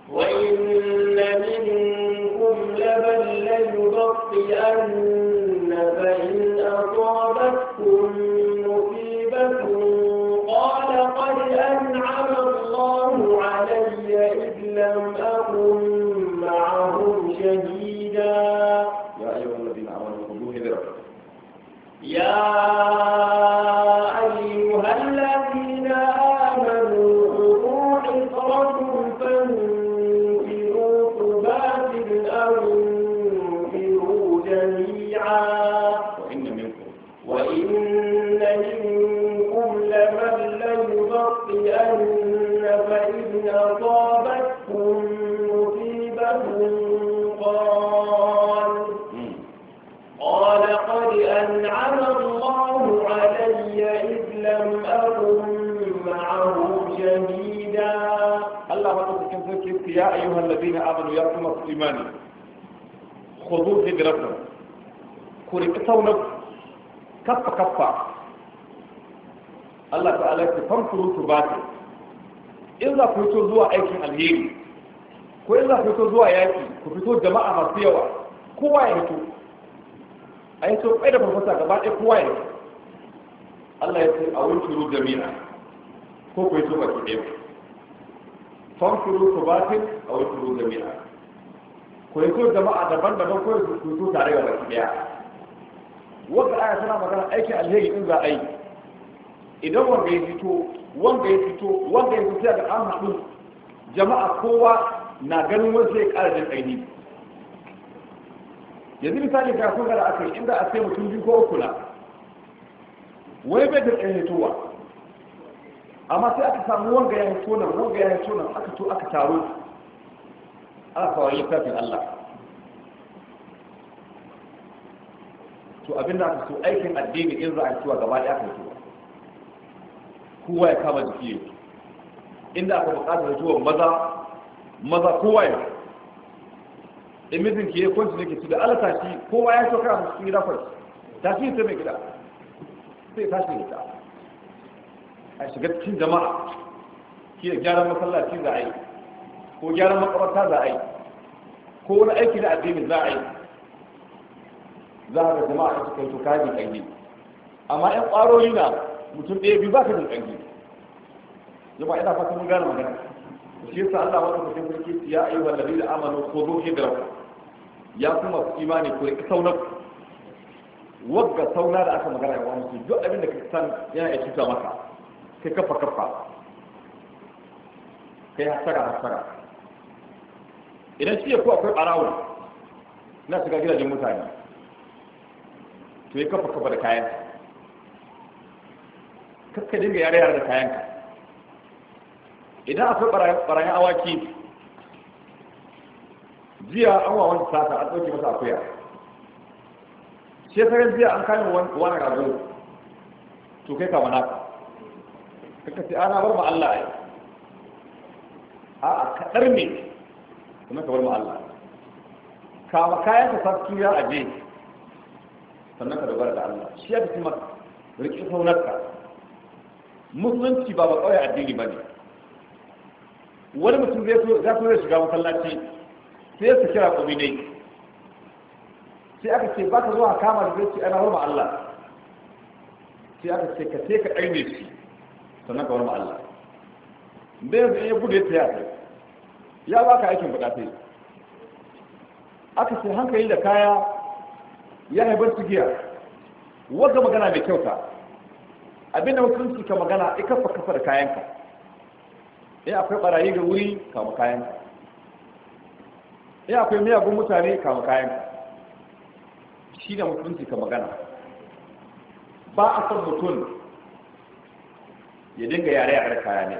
وإن منكم لمن ليبطئن فإن أصابتكم يا أيها الذين آمنوا يا كما الإيمان خذوا هجرتكم كركتونا كفة كفة الله تعالى تفنكروا تباتي إلا كنتو زوا أيكي الهيري ko in za ku fito zuwa yaki ku fito jama'a masu yawa kowa ya fito a yi tsotsai da farfasa gaba ɗaya kowa ya Allah ya a jami'a ko farfuru ku batin a wani turu jami'a ku yi jama'a daban-daban ko su su tare ga baki daya wanda aya tana magana aiki alheri din za a yi idan wanda ya fito wanda ya fito wanda ya fito da 'amma din. jama'a kowa na ganin wanda ya kara jin aini yanzu misali kafin gara aka yi inda a sai mutum biyu ko uku na bai da tsaye hitowa amma sai aka samu wanga ya hito nan wanga ya hito nan aka to aka taro aka kawo littafin Allah to abinda aka so aikin addini in za a gaba ɗaya aka hitowa kowa ya kama jiki yake inda aka buƙatar hitowa maza maza kowa ya in mijin ke ya kwanci ne ke ci da alata shi kowa ya so kana cikin gida kwanci ta shi ta mai gida sai tashi ne ta a shiga cikin jama'a shi da gyaran masallaci za a yi ko gyaran makabarta za a yi ko wani aiki na addini za a yi za a ga jama'a da suka yi to kaji kange amma yan ƙwaroyi na mutum ɗaya biyu ba ka jin kange jama'a ina fata mun gane magana shi yasa Allah wata mutum sarki ya ayyuhal ladina amanu da hidrakum ya kuma su imani ko ya sauna wagga sauna da aka magana ya wani duk abin da ka san yana ya cuta maka kai kafa kafa kai hasara hasara idan shi ya ko akwai barawun na shiga gidajen mutane to ya kafa kafa da kayan kakka dinga yare yare da kayan ka idan akwai barayin awaki jiya an wa wani sata an ɗauke masa akuya shekarar jiya an kayan wani rago to kai kama naka kaka ce ana bar ma Allah ai a'a ka darme kuma ka bar Allah Kama kayan ka sarki ya aje sannan ka dogara da Allah shi ya fi maka riki saunarka musulunci ba ba kawai addini ba ne wani mutum zai so zai shiga masallaci sai ya kira kumi dai. sai aka ce ba ka zuwa kama da zai ce ana warma Allah sai aka ce ka ce ka aine shi sannan ka wani Allah da yanzu ya bude ya tsaya ya ba ka aikin buƙatai. aka ce hankali da kaya ya haifar su giya wanda magana mai kyauta abinda mutunci ka magana ika fa kafa da kayanka ya akwai barayi ga wuri kama kayanka ya akwai miyagun mutane kama kayanka shi ne mutunci ka magana ba a san mutum ya dinga yare yare kaya ne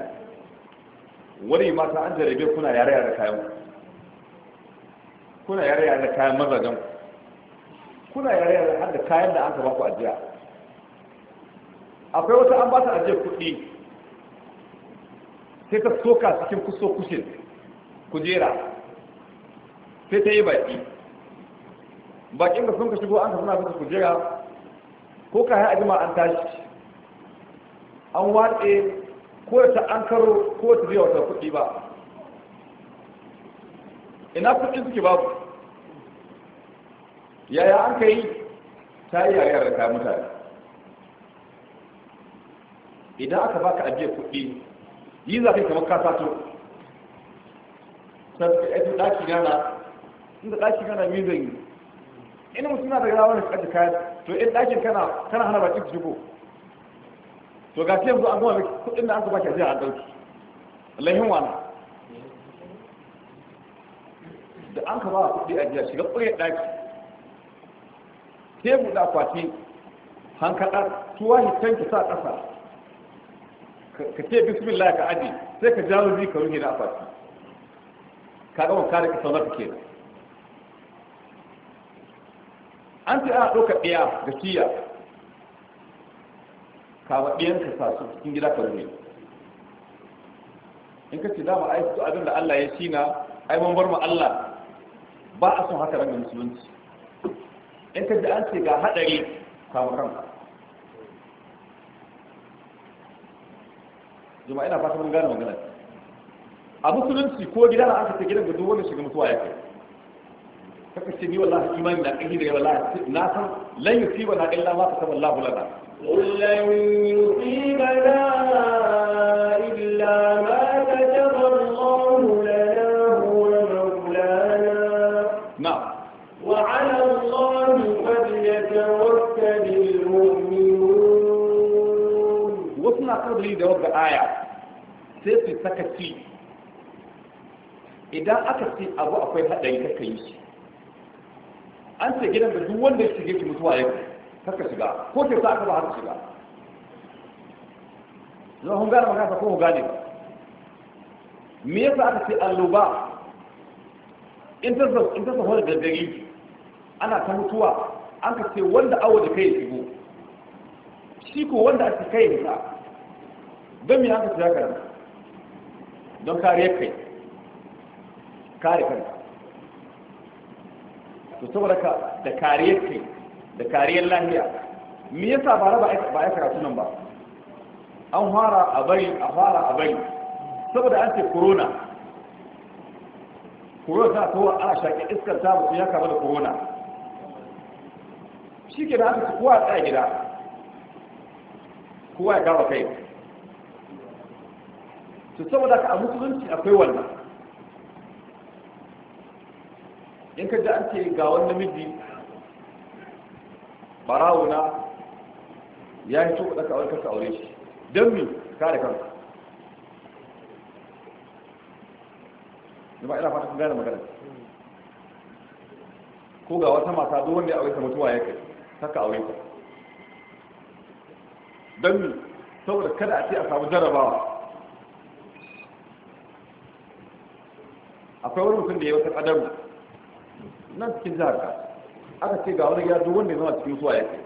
wani mata an jarabe kuna yare yare kayan kuna yare yare kayan mazajen kuna yare yare har da kayan da an ka ku ajiya akwai wata an ba ta ajiyar kuɗi sai ta soka cikin kuso kushin kujera sai ta yi baki bakin da sun ka shigo an ka suna suka kujera ko ka haɗa jima'a an tashi an waɗe ko ta an karo ko ta biya wata kuɗi ba ina kuɗin suke babu yaya an ka yi ta yi yayar da ta mutane idan aka baka ajiyar kuɗi yi za ka yi kamar kasato ta ɗaki ɗaki gana inda ɗaki gana mizan yi ina mutum na da gara wani kaji kayan to in ɗakin kana hana bakin shigo to ga ta yanzu an gama miki kudin da an baki ajiya an dauki lahin wani da an ka ba kudi ajiya shiga kure daki sai buɗe akwati hankaɗa tuwa hitan ki sa ƙasa ka ce bismillah ka aji sai ka jawo ji ka rufe na akwati ka gama kare ka saunar ke an ce ana ɗaukar ɗaya da tiya kawo ɗiyanka sa su cikin gida ka rufe in ka ce dama ai su abin da Allah ya ci na ai mun bar mu Allah ba a son haka ranar musulunci in ka ji an ce ga haɗari kawo kanka jama'a ina fata mun gane magana a musulunci ko gida na aka ce gidan ga duk wanda shiga mutuwa ya kai kaka ce ni wallahi imani na kai da yawa na san lan yusiba na illa ma ka Allahu lana قل لن يصيبنا إلا ما كتب الله لنا هو مولانا نعم وعلى الله فليتوكل المؤمنون وصلنا قبل ده وقع آية سيسي سكتي idan aka ce abu akwai haɗari kakka yi shi an ce gidan da duk wanda ya shige shi mutuwa ya saka shiga ko ke sa aka ba har shiga zan hun gane magana ko hun gane ba me yasa aka ce alluba in ta in ta da gari ana ta mutuwa an ka ce wanda awo da kai shigo shi ko wanda ake kai da don me aka ce haka don kare kai kare kanka to saboda ka da kare kai da kariyar lahiya me yasa ba raba ba ya karatu nan ba an fara a bari a fara a bari saboda an ce corona corona ta kowa ana shaƙi iskar ta mutum ya kama da corona shi ke da aka ci kowa tsaya gida kowa ya kama kai to saboda ka a musulunci akwai wannan in ka ji an ce ga wani namiji barawuna ya yi tuɓa ɗaka aure kasa aure shi don mi kare kanka zama ina fata kun gane magana ko ga wata mata duk wanda ya aure ta mutuwa ya kai saka aure ta don mi saboda kada a ce a samu jarabawa akwai wani mutum da ya yi wata adamu nan cikin jihar aka ce ga wani ya zo wanda zama cikin suwa ya ce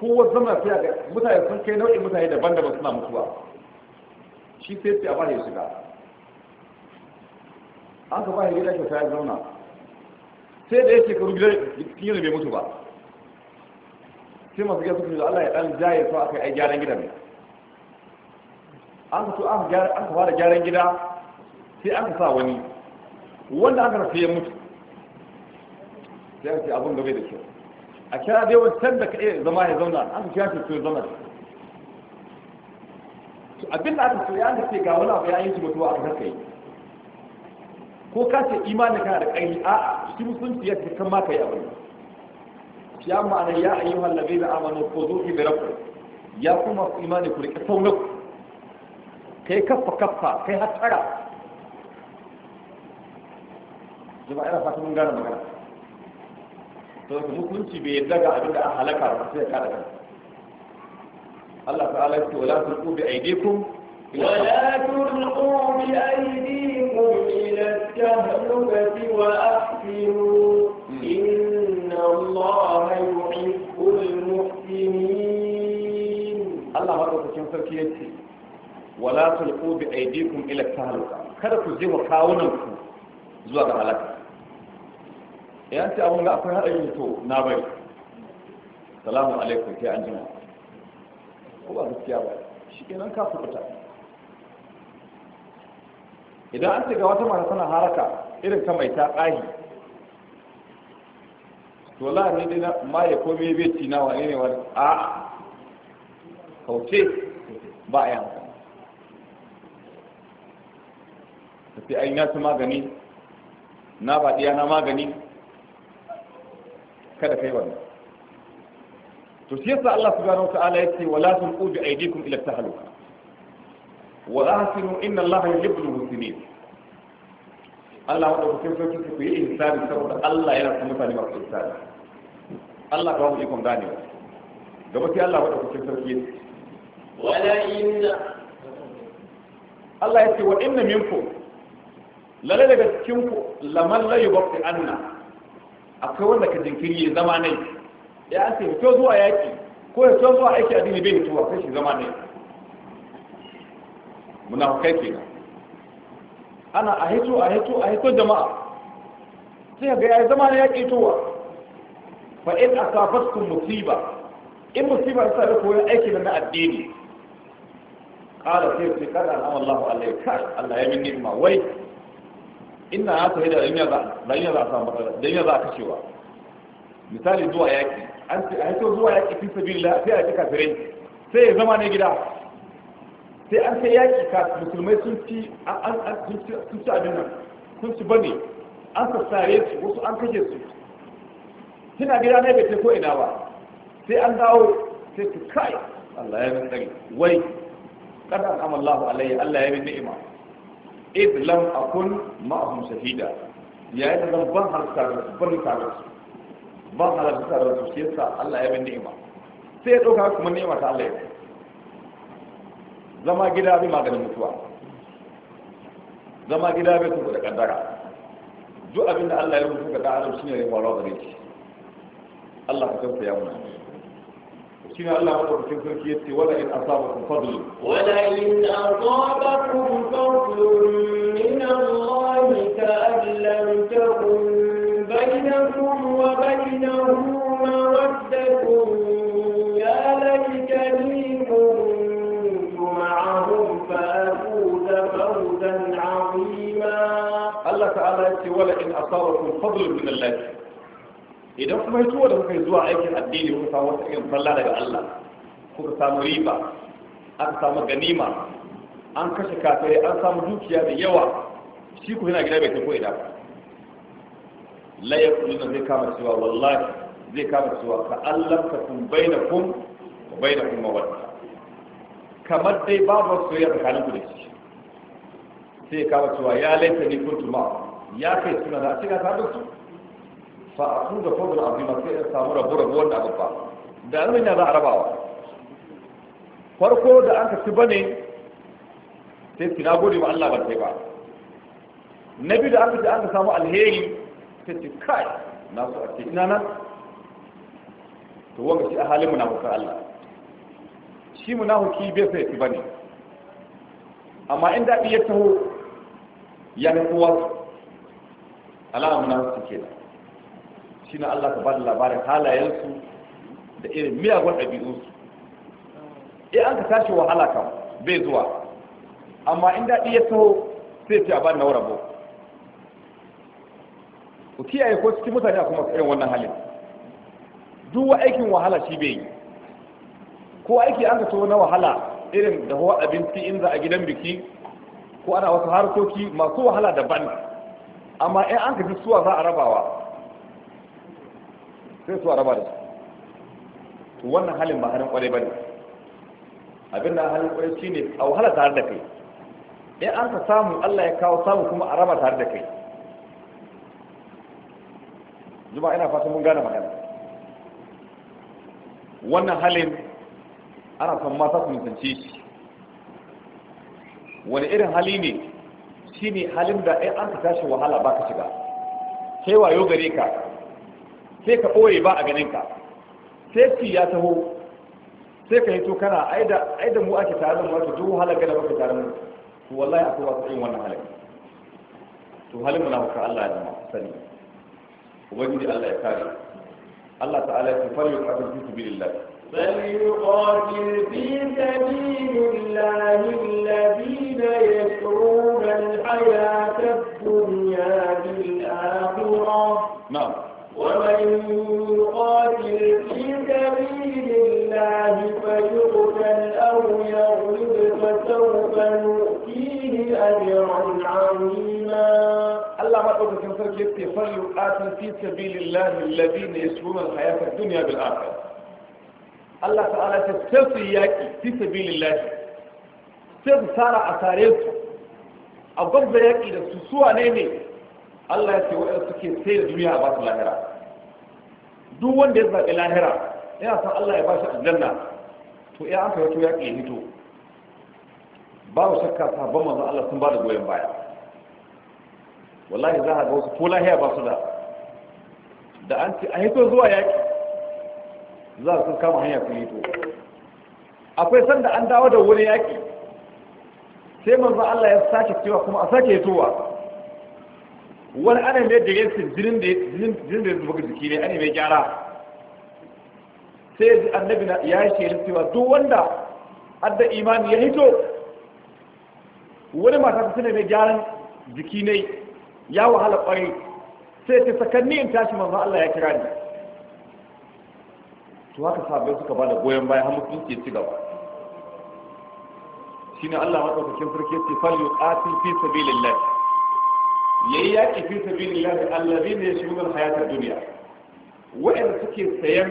kowa zama sai ga mutane sun kai nau'in mutane daban-daban suna mutuwa shi sai ce a ba ya shiga an ka ba ya gida kyauta ya zauna sai da ya ce karu gidan yana bai mutu ba sai masu gida suka da Allah ya dan jaye su aka yi gyaran gidan an ka so an ka fara gyaran gida sai an ka sa wani wanda aka rafe ya mutu sai a ce abin da bai da kyau a kira dai wancan da ka iya zama ya zauna an kira shi to zama to abin da aka so ya da ce ga wani abu ya yi shi mutuwa a kai ko ka ce imanin kana da ƙarfi a shi musulunci ya ce kan ma kai abin ya ma'ana ya ayyuhal ladina amanu khudhu bi rabbikum ya kuma imani ku rika saunaku kai kaffa kaffa kai hatsara jama'a ina fata mun gane magana to hukunci bai yarda ga abin da an halaka ba sai ka da kanka Allah ta'ala ya ce wala tulqu bi aydikum ولا تلقوا بأيديكم إلى التهلكة وأحسنوا إن الله يحب المحسنين الله هذا كم سركيتي ولا تلقوا بأيديكم إلى التهلكة kada ku jefa kawunanku zuwa ga halaka yan ce abin ga akwai haɗari to na bari salamu alaikum sai an jima ko ba gaskiya ba shi kenan ka fita idan an ce ga wata mata tana haraka irin ta mai ta ƙahi to la ne dai na ma ya komai bai ci na wane ne wani a kauce ba a yi hankali sai an yi magani na ba ɗiya na magani kada kai wannan to shi yasa Allah subhanahu wata'ala yace wala tulqu bi aydikum ila tahluka wa ahsinu inna Allah yuhibbul muhsinin Allah wanda kuke so ku yi insani saboda Allah yana son mutane masu insani Allah ba mu ikon ganewa gaba sai Allah wanda kuke sarki wala inna Allah yace wa inna minkum lalle daga cikin ku laman la yubqi anna akwai wanda ka jinkiri ya zama nai ya ce fito zuwa yaki ko ya fito zuwa aiki addini bai fitowa sai shi zama nai hukai ke ana a hito a hito a hito jama'a sai ga ya zama na yaki towa fa in asafatkum musiba in musiba ta sami koyon aiki na addini qala sai sai kada Allah alaihi ka Allah ya min ni'ima wai inda na ta da ɗanya za a samu matsala ɗanya za a kashewa misali zuwa yaƙi an ce a haifar zuwa yaƙi fi sabi la sai a yaƙi kafirai sai ya zama ne gida sai an sai yaƙi ka musulmai sun ci sun ci abin nan sun ci bane an sassare su wasu an kashe su suna gida ne bai ce ko ina ba sai an dawo sai su kai Allah ya min tsari wai kada an amallahu alayya Allah ya min ni'ima id lam akun ma'ahum shahida ya yi zan ban halarta da su ban tare su ban halarta da su shi yasa Allah ya bin ni'ima sai ya dauka kuma ni'ima ta Allah ya zama gida bai maganin mutuwa zama gida bi tuku da kaddara duk abin da Allah ya rubuta ga dan adam shine ya faru gare shi Allah ka tausaya mana شين الله أكبر في ولا ولئن أصابكم فضل إن أصابكم فضل من الله كأن لم تكن بينكم وبينه مودة يا ليتني كنت معهم فأفوز فوزا عظيما الله تعالى يقول ولئن أصابكم فضل من الله idan kuma hito da kuka yi zuwa aikin addini kuka samu wata irin falla daga Allah kuka samu riba an samu ganima an kashe kafirai an samu dukiya da yawa shi ku yana gida bai tafi ina ba la yaqulun zai kama cewa wallahi zai kama cewa ka Allah ka kun bainakum wa bainakum mawadda kamar dai babu soyayya tsakanin ku da shi sai kama cewa ya laita ni kuntu ma ya kai suna da a cikin ta su fa a sun da fadar azima sai in samu rabu rabu wanda abu ba da an za a rabawa farko da an ka ci bane sai ki na ba Allah ban kai ba na biyu da aka ce an ka samu alheri sai ce kai na so a ce ina nan to wanga shi a halin munafukan Allah shi munafuki bai sai ki bane amma in daɗi ya taho ya fi kowa su alama munafuki kenan shi na Allah ka ba da labarin halayensu da irin miyagun ɗabi'unsu in an ka tashi wahala kam bai zuwa amma in daɗi ya taho sai ce a ba na rabo ku kiyaye ko cikin mutane a kuma irin wannan halin duk wa aikin wahala shi bai yi ko aiki an ka so na wahala irin da hawa abinci in za a gidan biki ko ana wasu harkoki masu wahala daban amma in an ka ji suwa za a rabawa sai su a raba da su to wannan halin ba harin kwarai ba ne abin da halin kwarai shi ne a wahala tare da kai in an ka samu allah ya kawo samu kuma a raba tare da kai juma ina fatan mun gane magana wannan halin ana son mata su nisanci shi wani irin hali ne shi ne halin da in an ka tashi wahala ba ka shiga wayo gare ka sai ka ɓoye ba a ganin ka safety ya taho sai ka hito kana aida da mu ake tare da mu ake duk wahalar gada muke tare mu to wallahi akwai wasu irin wannan halin to halin mu na hukar Allah ya zama sani ubangiji Allah ya kare Allah ta'ala ya fara yi kafin su fi sabilillah فليقاتل في سبيل الله الذين يشرون الحياة الدنيا بالآخرة نعم ومن يقاتل في سبيل الله فيقتل أو يغلب فسوف نؤتيه أجرا عظيما الله ما قلت في مسألة يبتي فليقاتل في سبيل الله الذين الحياة الدنيا بالآخرة الله تعالى تستلسي ياكي في سبيل الله تستلسي سارة أساريته أبغض ياكي لسوسوة نيني Allah ya ce waɗanda suke sai da duniya a ba su lahira duk wanda ya zaɓi lahira yana san Allah ya ba shi aljanna to ya an kawo ya ke hito babu shakka sabon manzo Allah sun ba da goyon baya wallahi za a ga wasu ko lahiya ba su da da an ce a hito zuwa yaƙi za su kama hanya su hito akwai sanda an dawo da wani yaƙi sai manzo Allah ya sake cewa kuma a sake hitowa wani ana mai da yansu jinin da ya zuba jiki ne ana mai gyara sai yanzu annabi ya yi shehin cewa duk wanda adda imani ya hito wani mata ta mai gyaran jiki ne ya wahala kwarai sai ta sakanni in tashi manzo Allah ya kira ni to haka sabai suka ba da goyon baya har sun ke ci gaba shine Allah madaukakin sarki ya ce fal yuqatil fi sabilillah yayi yaki fi sabilillahi allazina yashuruna alhayata dunya wa'anda suke sayan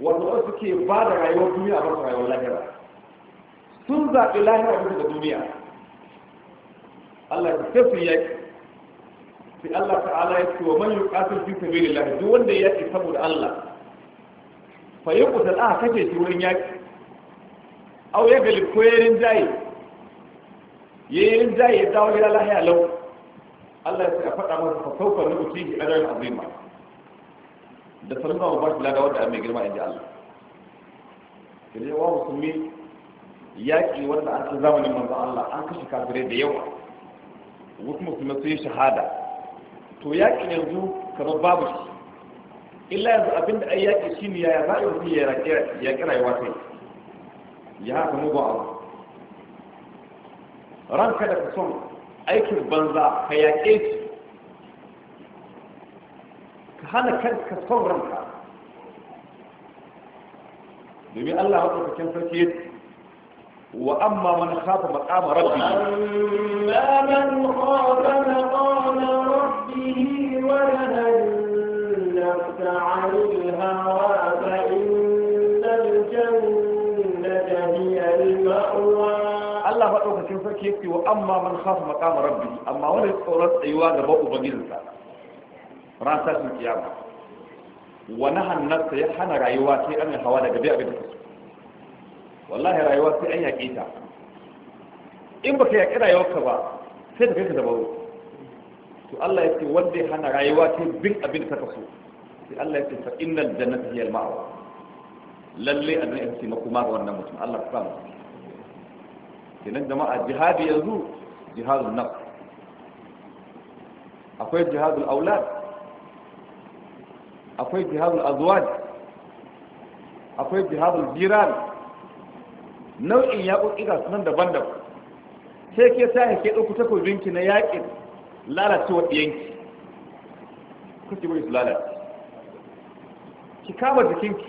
wanda suke ba da rayuwar duniya ba rayuwar lahira sun zaɓi lahira bisa ga duniya Allah ya sai su sai Allah ta'ala ya ce wa man yuqatil fi sabilillah duk wanda ya yaki saboda Allah fa yuqtal ah kace shi wurin yaki aw ya galib ko yayin jaye yayin jaye dawo ila lahiya lau Allah ya faɗa masa fa sauka ne uti bi ajrin azima da sanin ba ba da wanda mai girma inji Allah kire wa musulmi yaki wanda an ci zamanin manzo Allah an kashe kafirai da yawa wasu musulmi sun yi shahada to yakin yanzu kamar babu shi illa yanzu abinda ai yaki shine yaya za a yi ya yaƙi rayuwa sai ya haka mugun abu ranka da ka son aikin banza ka yaƙe shi ka hana kanka son domin Allah maɗaukakin sarki ya وأما من خاف مقام ربه أما من sarki yake wa amma man khafa maqama rabbi amma wanda ya tsoron tsayuwa gaba ubangijinsa ran tashin kiyama wa nahan nafsa ya hana rayuwa sai an hawa daga bai abin da wallahi rayuwa sai an yaƙe ta in baka yaƙi rayuwarka ba sai ta kai ka dabaru to Allah ya ce wanda ya hana rayuwa sai bin abin da ka so sai Allah ya ce fa innal jannata hiya al-ma'wa lalle annabi ya ce makuma ga wannan mutum Allah ya sa mu kenan jama'a jihadi yanzu jihadun nan akwai jihadul aulad akwai jihadul azwaj akwai jihadul jiran nau'in yaƙoƙi su nan daban-daban sai ke sa ke ɗauki takobinki na yaƙin lalacewa ɗiyanki kuke bai su lalace ki kama jikinki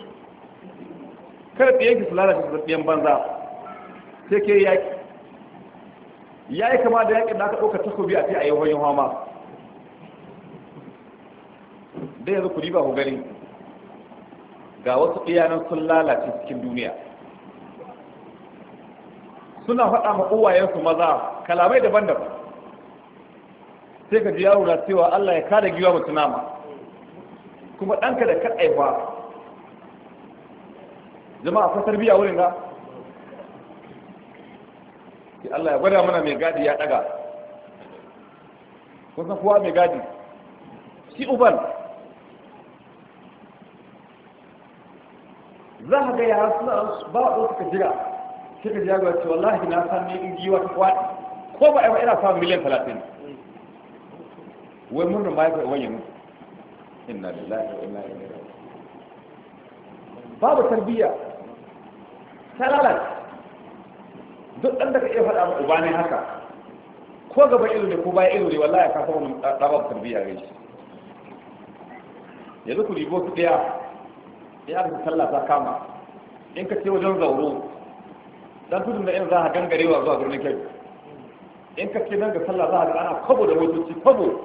kada ɗiyanki su lalace su ɗiyan banza sai ke yaƙi ya yi kama da yaƙin da aka ɗauka takobi a fi a yi hoyin hama da yanzu ku riba ku gani ga wasu iyanan sun lalace cikin duniya suna faɗa ma uwayensu maza kalamai daban-daban sai ka ji yaro na cewa Allah ya kada giwa mutu nama kuma ɗanka da ba jama'a fasar biya wurin ga Ki Allah ya gwada mana mai gadi ya daga ko san kuwa mai gadi shi uban za ka ga suna ba a suka jira sai ka jira cewa wallahi na san ni in giwa ta kwaɗi ko ba a ina samun miliyan talatin wai murnin ba ya kai wani mutu inna lillahi wa inna ilaihi babu tarbiyya ta lalata. duk ɗan da ka iya faɗa ma uba ne haka ko gaban ilu ne ko bayan ilu ne wallahi ka kafa mun ɗabar tarbiyya gai shi yanzu ku ribo su ɗaya ya aka sallah ta kama in ka ce wajen zauro dan tudun da in za a gangarewa zuwa birnin kai, in ka ce nan ga sallah za a ga ana kwabo da motoci kwabo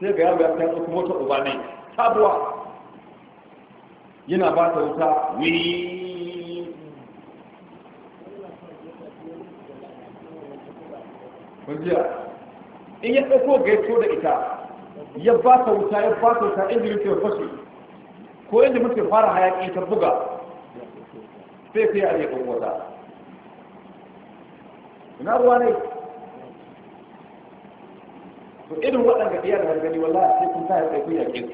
sai ga yaro ya kai tsoko motar uba ne sabuwa yana ba ta wuta wii kungiya in ya ɗauko gaito da ita ya ba ta wuta ya ba ta wuta inda yake fashe ko inda muke fara hayaƙi ta buga sai sai a iya wata ina ruwa ne to irin waɗanda ɗaya da gani wallahi sai kun tayar da kun yaƙin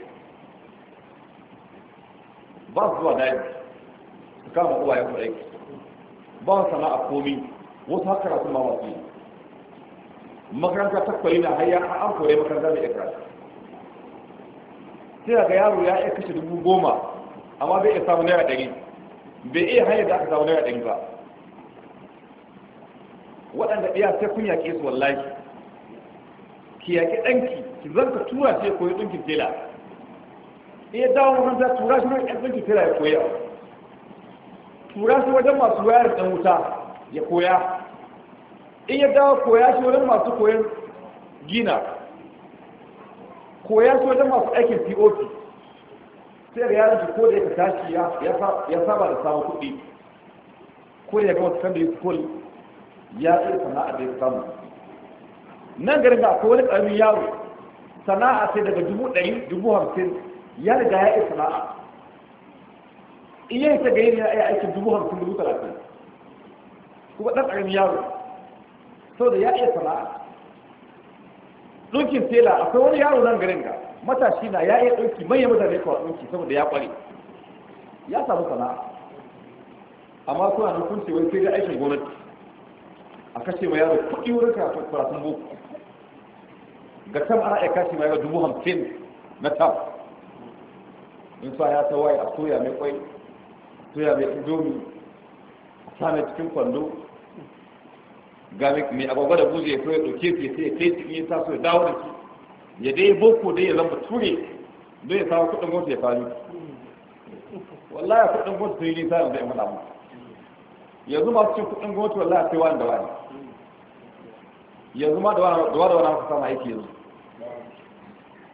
ba su zuwa daji su kama uwayen ku aiki ba su sana'a komi wasu haka rasu ma wasu yi makaranta ta na har a an koyi makaranta da ikra sai ga yaro ya iya kashe dubu goma amma bai iya samu naira ɗari bai iya hanyar da aka samu naira ɗari ba waɗanda ɗaya sai kun yaƙe su wallahi ki yaƙi ɗanki ki zanka tura ce koyi ɗinkin tela iya dawo makaranta tura shi wajen ɗinkin tela ya koya tura shi wajen masu wayar ɗan wuta ya koya in ya dawo koya shi wajen masu koyon gina koya shi wajen masu aikin pop sai da yaran ko da ya tashi ya saba da samun kuɗi ko da ya gama secondary school ya iya sana'a da ya samu nan garin da akwai wani ƙaramin yaro sana'a sai daga dubu ɗari dubu hamsin ya riga ya iya sana'a in yi ta gairi ya iya aikin dubu hamsin dubu talatin kuma ɗan ƙaramin yaro so da ya iya sana'a ɗunkin tela akwai wani yaro nan garin ga matashi na ya iya ɗauki manyan mutane kawai ɗunki saboda ya ƙware ya samu sana'a amma kuna da ce wani sai da aikin gwamnati a kashe ma yaro kuɗi wurin karatun boko ga can ana iya kashe ma yaro dubu hamsin na tam in sa ya ta waye a soya mai kwai soya mai indomi a mai cikin kwando ga mai agwagwa da buje ya fito ya ɗauke su ya sai ya kai cikin ya sa su ya dawo da su ya dai boko dai ya zama ture don ya samu kuɗin gwamnati ya faru wallahi kuɗin gwamnati sun yi nisa yanzu ya faɗa musu yanzu masu cin kuɗin gwamnati wallahi sai wani da wani yanzu ma da wani da wani haka samu aiki yanzu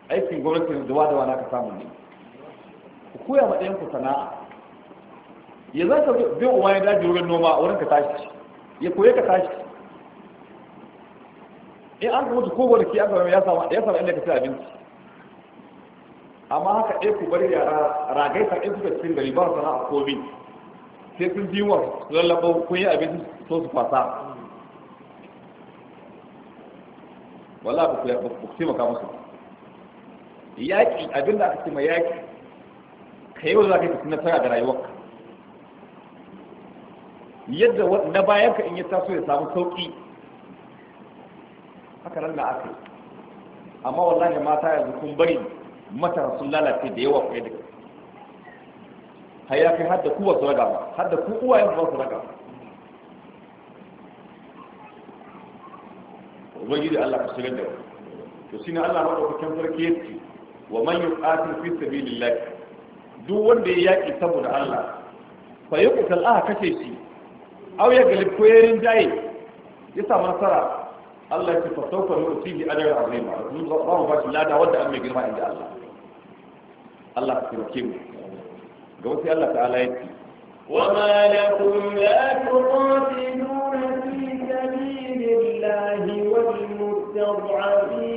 aikin gwamnati da wani da wani haka samu ne ku koya ma ɗayan ku sana'a ya za ka bin uwa ya daji wurin noma wurin ka tashi ya koya ka tashi in an mutu ko wani ki an ya samu ya samu inda ka ci abinci amma haka ɗaya ku bari yara ragai sa in suka cikin gari ba su sana'a bi sai sun ji wa su lallaba kun yi abinci so su fasa wala ba ku ya ku ci taimaka musu yaƙi da aka ci ma yaƙi ka yi wa za ka yi nasara da rayuwarka yadda na bayan ka in ya taso ya samu sauƙi haka nan da aka yi amma wallahi mata yanzu kun bari mata sun lalace da yawa kai da har ya kai hadda ku su raga ba hadda ku uwayen ba su raga ba da Allah ka shigar da to shi ne Allah kukin sarki ya ce wa man yuqatil fi sabilillah duk wanda ya yaki saboda Allah fa yuqtal ah kace shi aw ya galib ko yarin ya samu nasara Allah ya fa sauka mu fi bi adar azima mun ba mu ba shi lada wanda an mai girma inda Allah Allah ka tsirke mu ga wasu Allah ta'ala ya ce wa ma lakum la tuqatiluna fi sabilillahi wal mustad'afin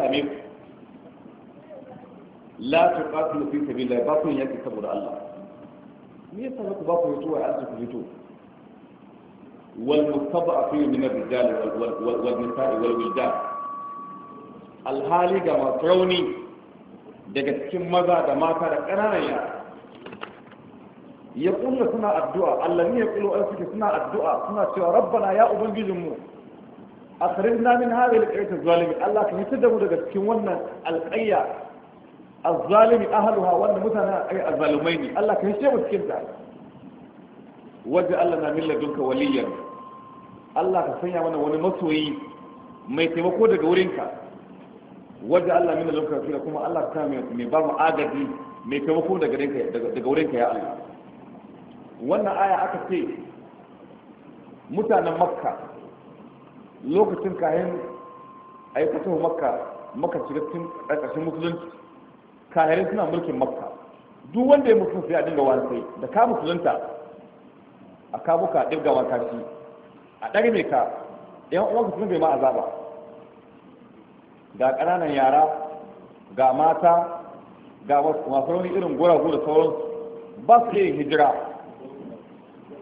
same ku la ta ƙasu fi sabila ba ku yaki saboda Allah me yasa ku ba ku fito a arzu ku fito wal mustaba'afin min ar-rijal wal nisa'i wal wildan alhali ga masu rauni daga cikin maza da mata da ƙananan yara ya kulla suna addu'a Allah ne ya kulla wani suke suna addu'a suna cewa rabbana ya ubangijinmu a sarin namin hada da ƙarfi zalimi Allah ka hitar da mu daga cikin wannan alƙayya a zalimi ahaluwa wanda mutane a ƙayyar ne Allah ka hitar mu cikin ta wajen Allah na milla dunka waliyar Allah ka sanya mana wani masoyi mai taimako daga wurinka wajen Allah milla dunka fiye kuma Allah ka sanya mai ba agaji mai taimako daga wurinka ya Allah wannan aya aka ce mutanen makka lokacin kayan a yi makka makka shiga cikin ƙarƙashin musulunci kayan suna mulkin makka duk wanda ya musulun sai a dinga wani sai da ka musulunta a kabuka a ɗirga wa kashi a ɗari mai ka yan uwanka sun bai ma azaba ga ƙananan yara ga mata ga masu rauni irin guragu da sauransu ba su iya hijira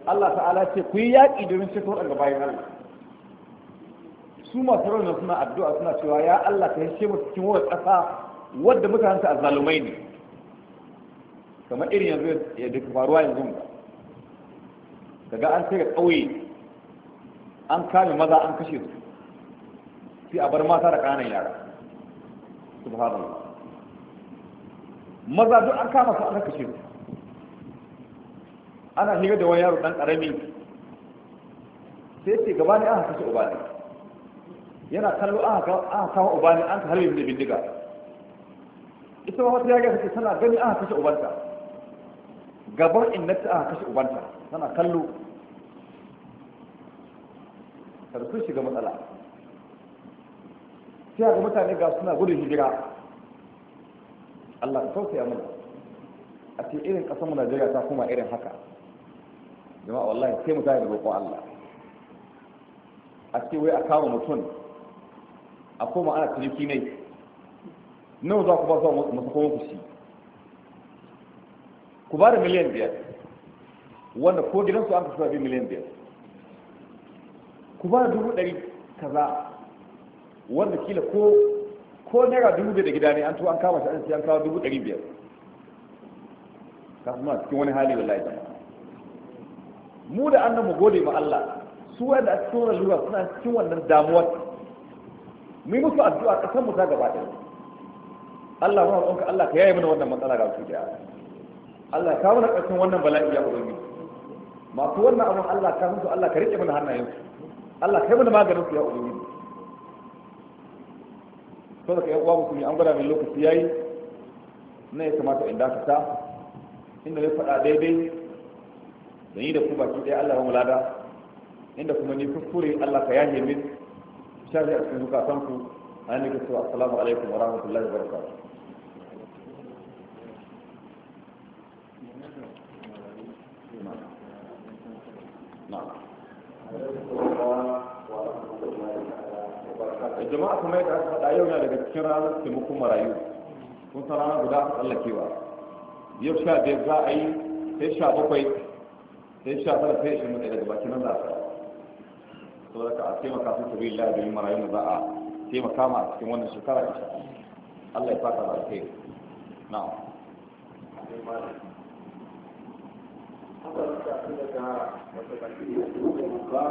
Allah ta'ala ce ku yi yaƙi domin shekaru daga bayan Allah su masu raunin suna addu'a suna cewa ya Allah ta hishe masu cikin wata ƙasa wadda mutanen ta zalumai ne kamar irin yanzu ya duk faruwa yanzu daga an sai ƙauye an kame maza an kashe su sai a bar mata da ƙananan yara su subhanallah maza duk an kama su an kashe su ana hira da wani yaro ɗan ƙarami sai ce gaba ne an hasashe uba yana kallo aka ah, kawo ah, ubani an ka halin da bindiga ita ma wata yaga take tana gani aka ah, kashe ubanta gabar innata aka kashe ubanta tana kallo kada su shiga matsala sai ga mutane ga suna gudun hijira Allah ka tausaya mana a ce irin ƙasar mu Najeriya ta kuma irin haka jama'a wallahi sai mu tare da roƙon Allah a ce wai a kawo mutum a koma ana ciniki ne nawa za ku ba su masu kuma ku shi ku ba da miliyan biyar wanda ko gidansu an kasuwa biyu miliyan biyar ku ba da dubu ɗari kaza wanda kila ko ko naira dubu biyar da gida ne an to an kama shi an sai an kawo dubu ɗari biyar kasu ma cikin wani hali wallahi da mu da an mu gode ma Allah su wanda a cikin wannan lura suna cikin wannan damuwar mu yi musu addu'a kasan mu ta gaba ɗaya Allah mu roƙonka Allah ka yaye mana wannan matsala ga su da Allah ka mana ƙarshen wannan bala'i ya ubangiji masu wannan abun Allah ka musu Allah ka riƙe mana hannayensu Allah kai mana maganin su ya ubangiji to da kai uwa musulmi an gwada min lokaci yayi na ya kamata in ta, inda ne faɗa daidai da ni da ku baki ɗaya Allah ya mulada inda kuma ni kuskure Allah ka yahe min shafi a cikin zukatanku an yi cewa assalamu alaikum wa rahmatullahi wa barakatuh jama'a kuma yadda aka faɗa yau na daga cikin ranar taimakon marayu kun san rana guda aka tsallakewa yau sha biyar za a yi sai sha bakwai sai sha tara sai ishirin da daga bakin nan za a to da a taimaka su tabi Allah da marayu za a taimaka ma cikin wannan shekara ta Allah ya fata barke na na'am